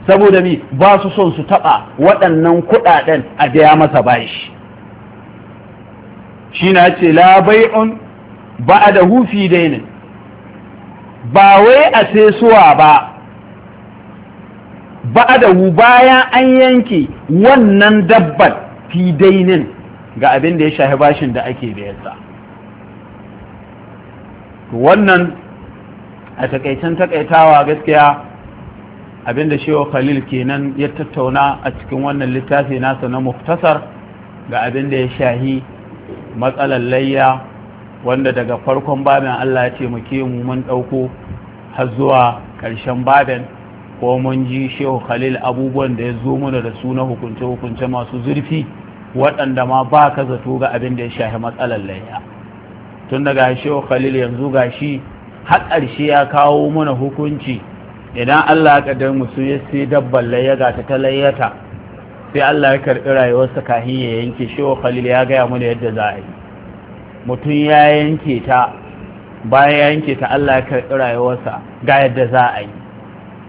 saboda mi ba su son su taɓa waɗannan kuɗaɗen a biya masa bashi shi na ce la bai'un ba a da hufi dainin ba wai a sai suwa ba ba a da bayan an yanke wannan dabban fi dainin ga abin da ya shahi bashin da ake da yasa wannan a takaicen takaitawa gaskiya abin da shewa khalil kenan ya tattauna a cikin wannan littafi nasa na muftasar ga abin da ya shahi matsalar layya wanda daga farkon babin allah ya ce muke mu mun ɗauko har zuwa ƙarshen babin ko mun ji shehu khalil abubuwan da ya zo mana da su na hukunce-hukunce masu zurfi waɗanda ma ba ka zato ga abin da ya shafi matsalar layya tun daga shehu khalil yanzu ga shi har ƙarshe ya kawo mana hukunci idan allah ya ƙaddar musu ya sai dabban layya ga ta ta layyata sai allah ya karɓi rayuwarsa kahin ya yanke shehu khalil ya gaya mana yadda za a yi mutum ya yanke ta bayan ya yanke ta allah ya karɓi rayuwarsa ga yadda za a yi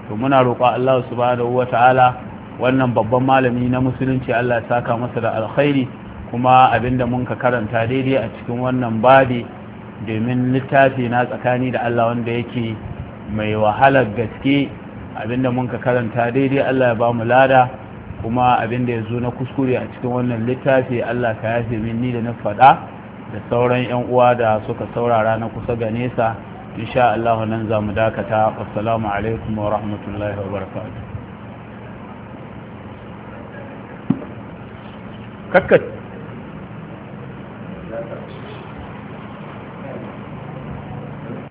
to muna roƙon allah subhanahu wa ta'ala wannan babban malami na musulunci Allah ya saka masa da alkhairi kuma abinda mun ka karanta daidai a cikin wannan babi domin littafi na tsakani da Allah wanda yake mai wahalar gaske abinda mun ka karanta daidai Allah ya ba mu lada kuma abinda ya zo na kuskure a cikin wannan littafi Allah ka yafe min ni da na faɗa da sauran 'yan uwa da suka saurara na kusa ga nesa insha Allah nan za mu dakata assalamu alaikum wa rahmatullahi wa barakatuh kakka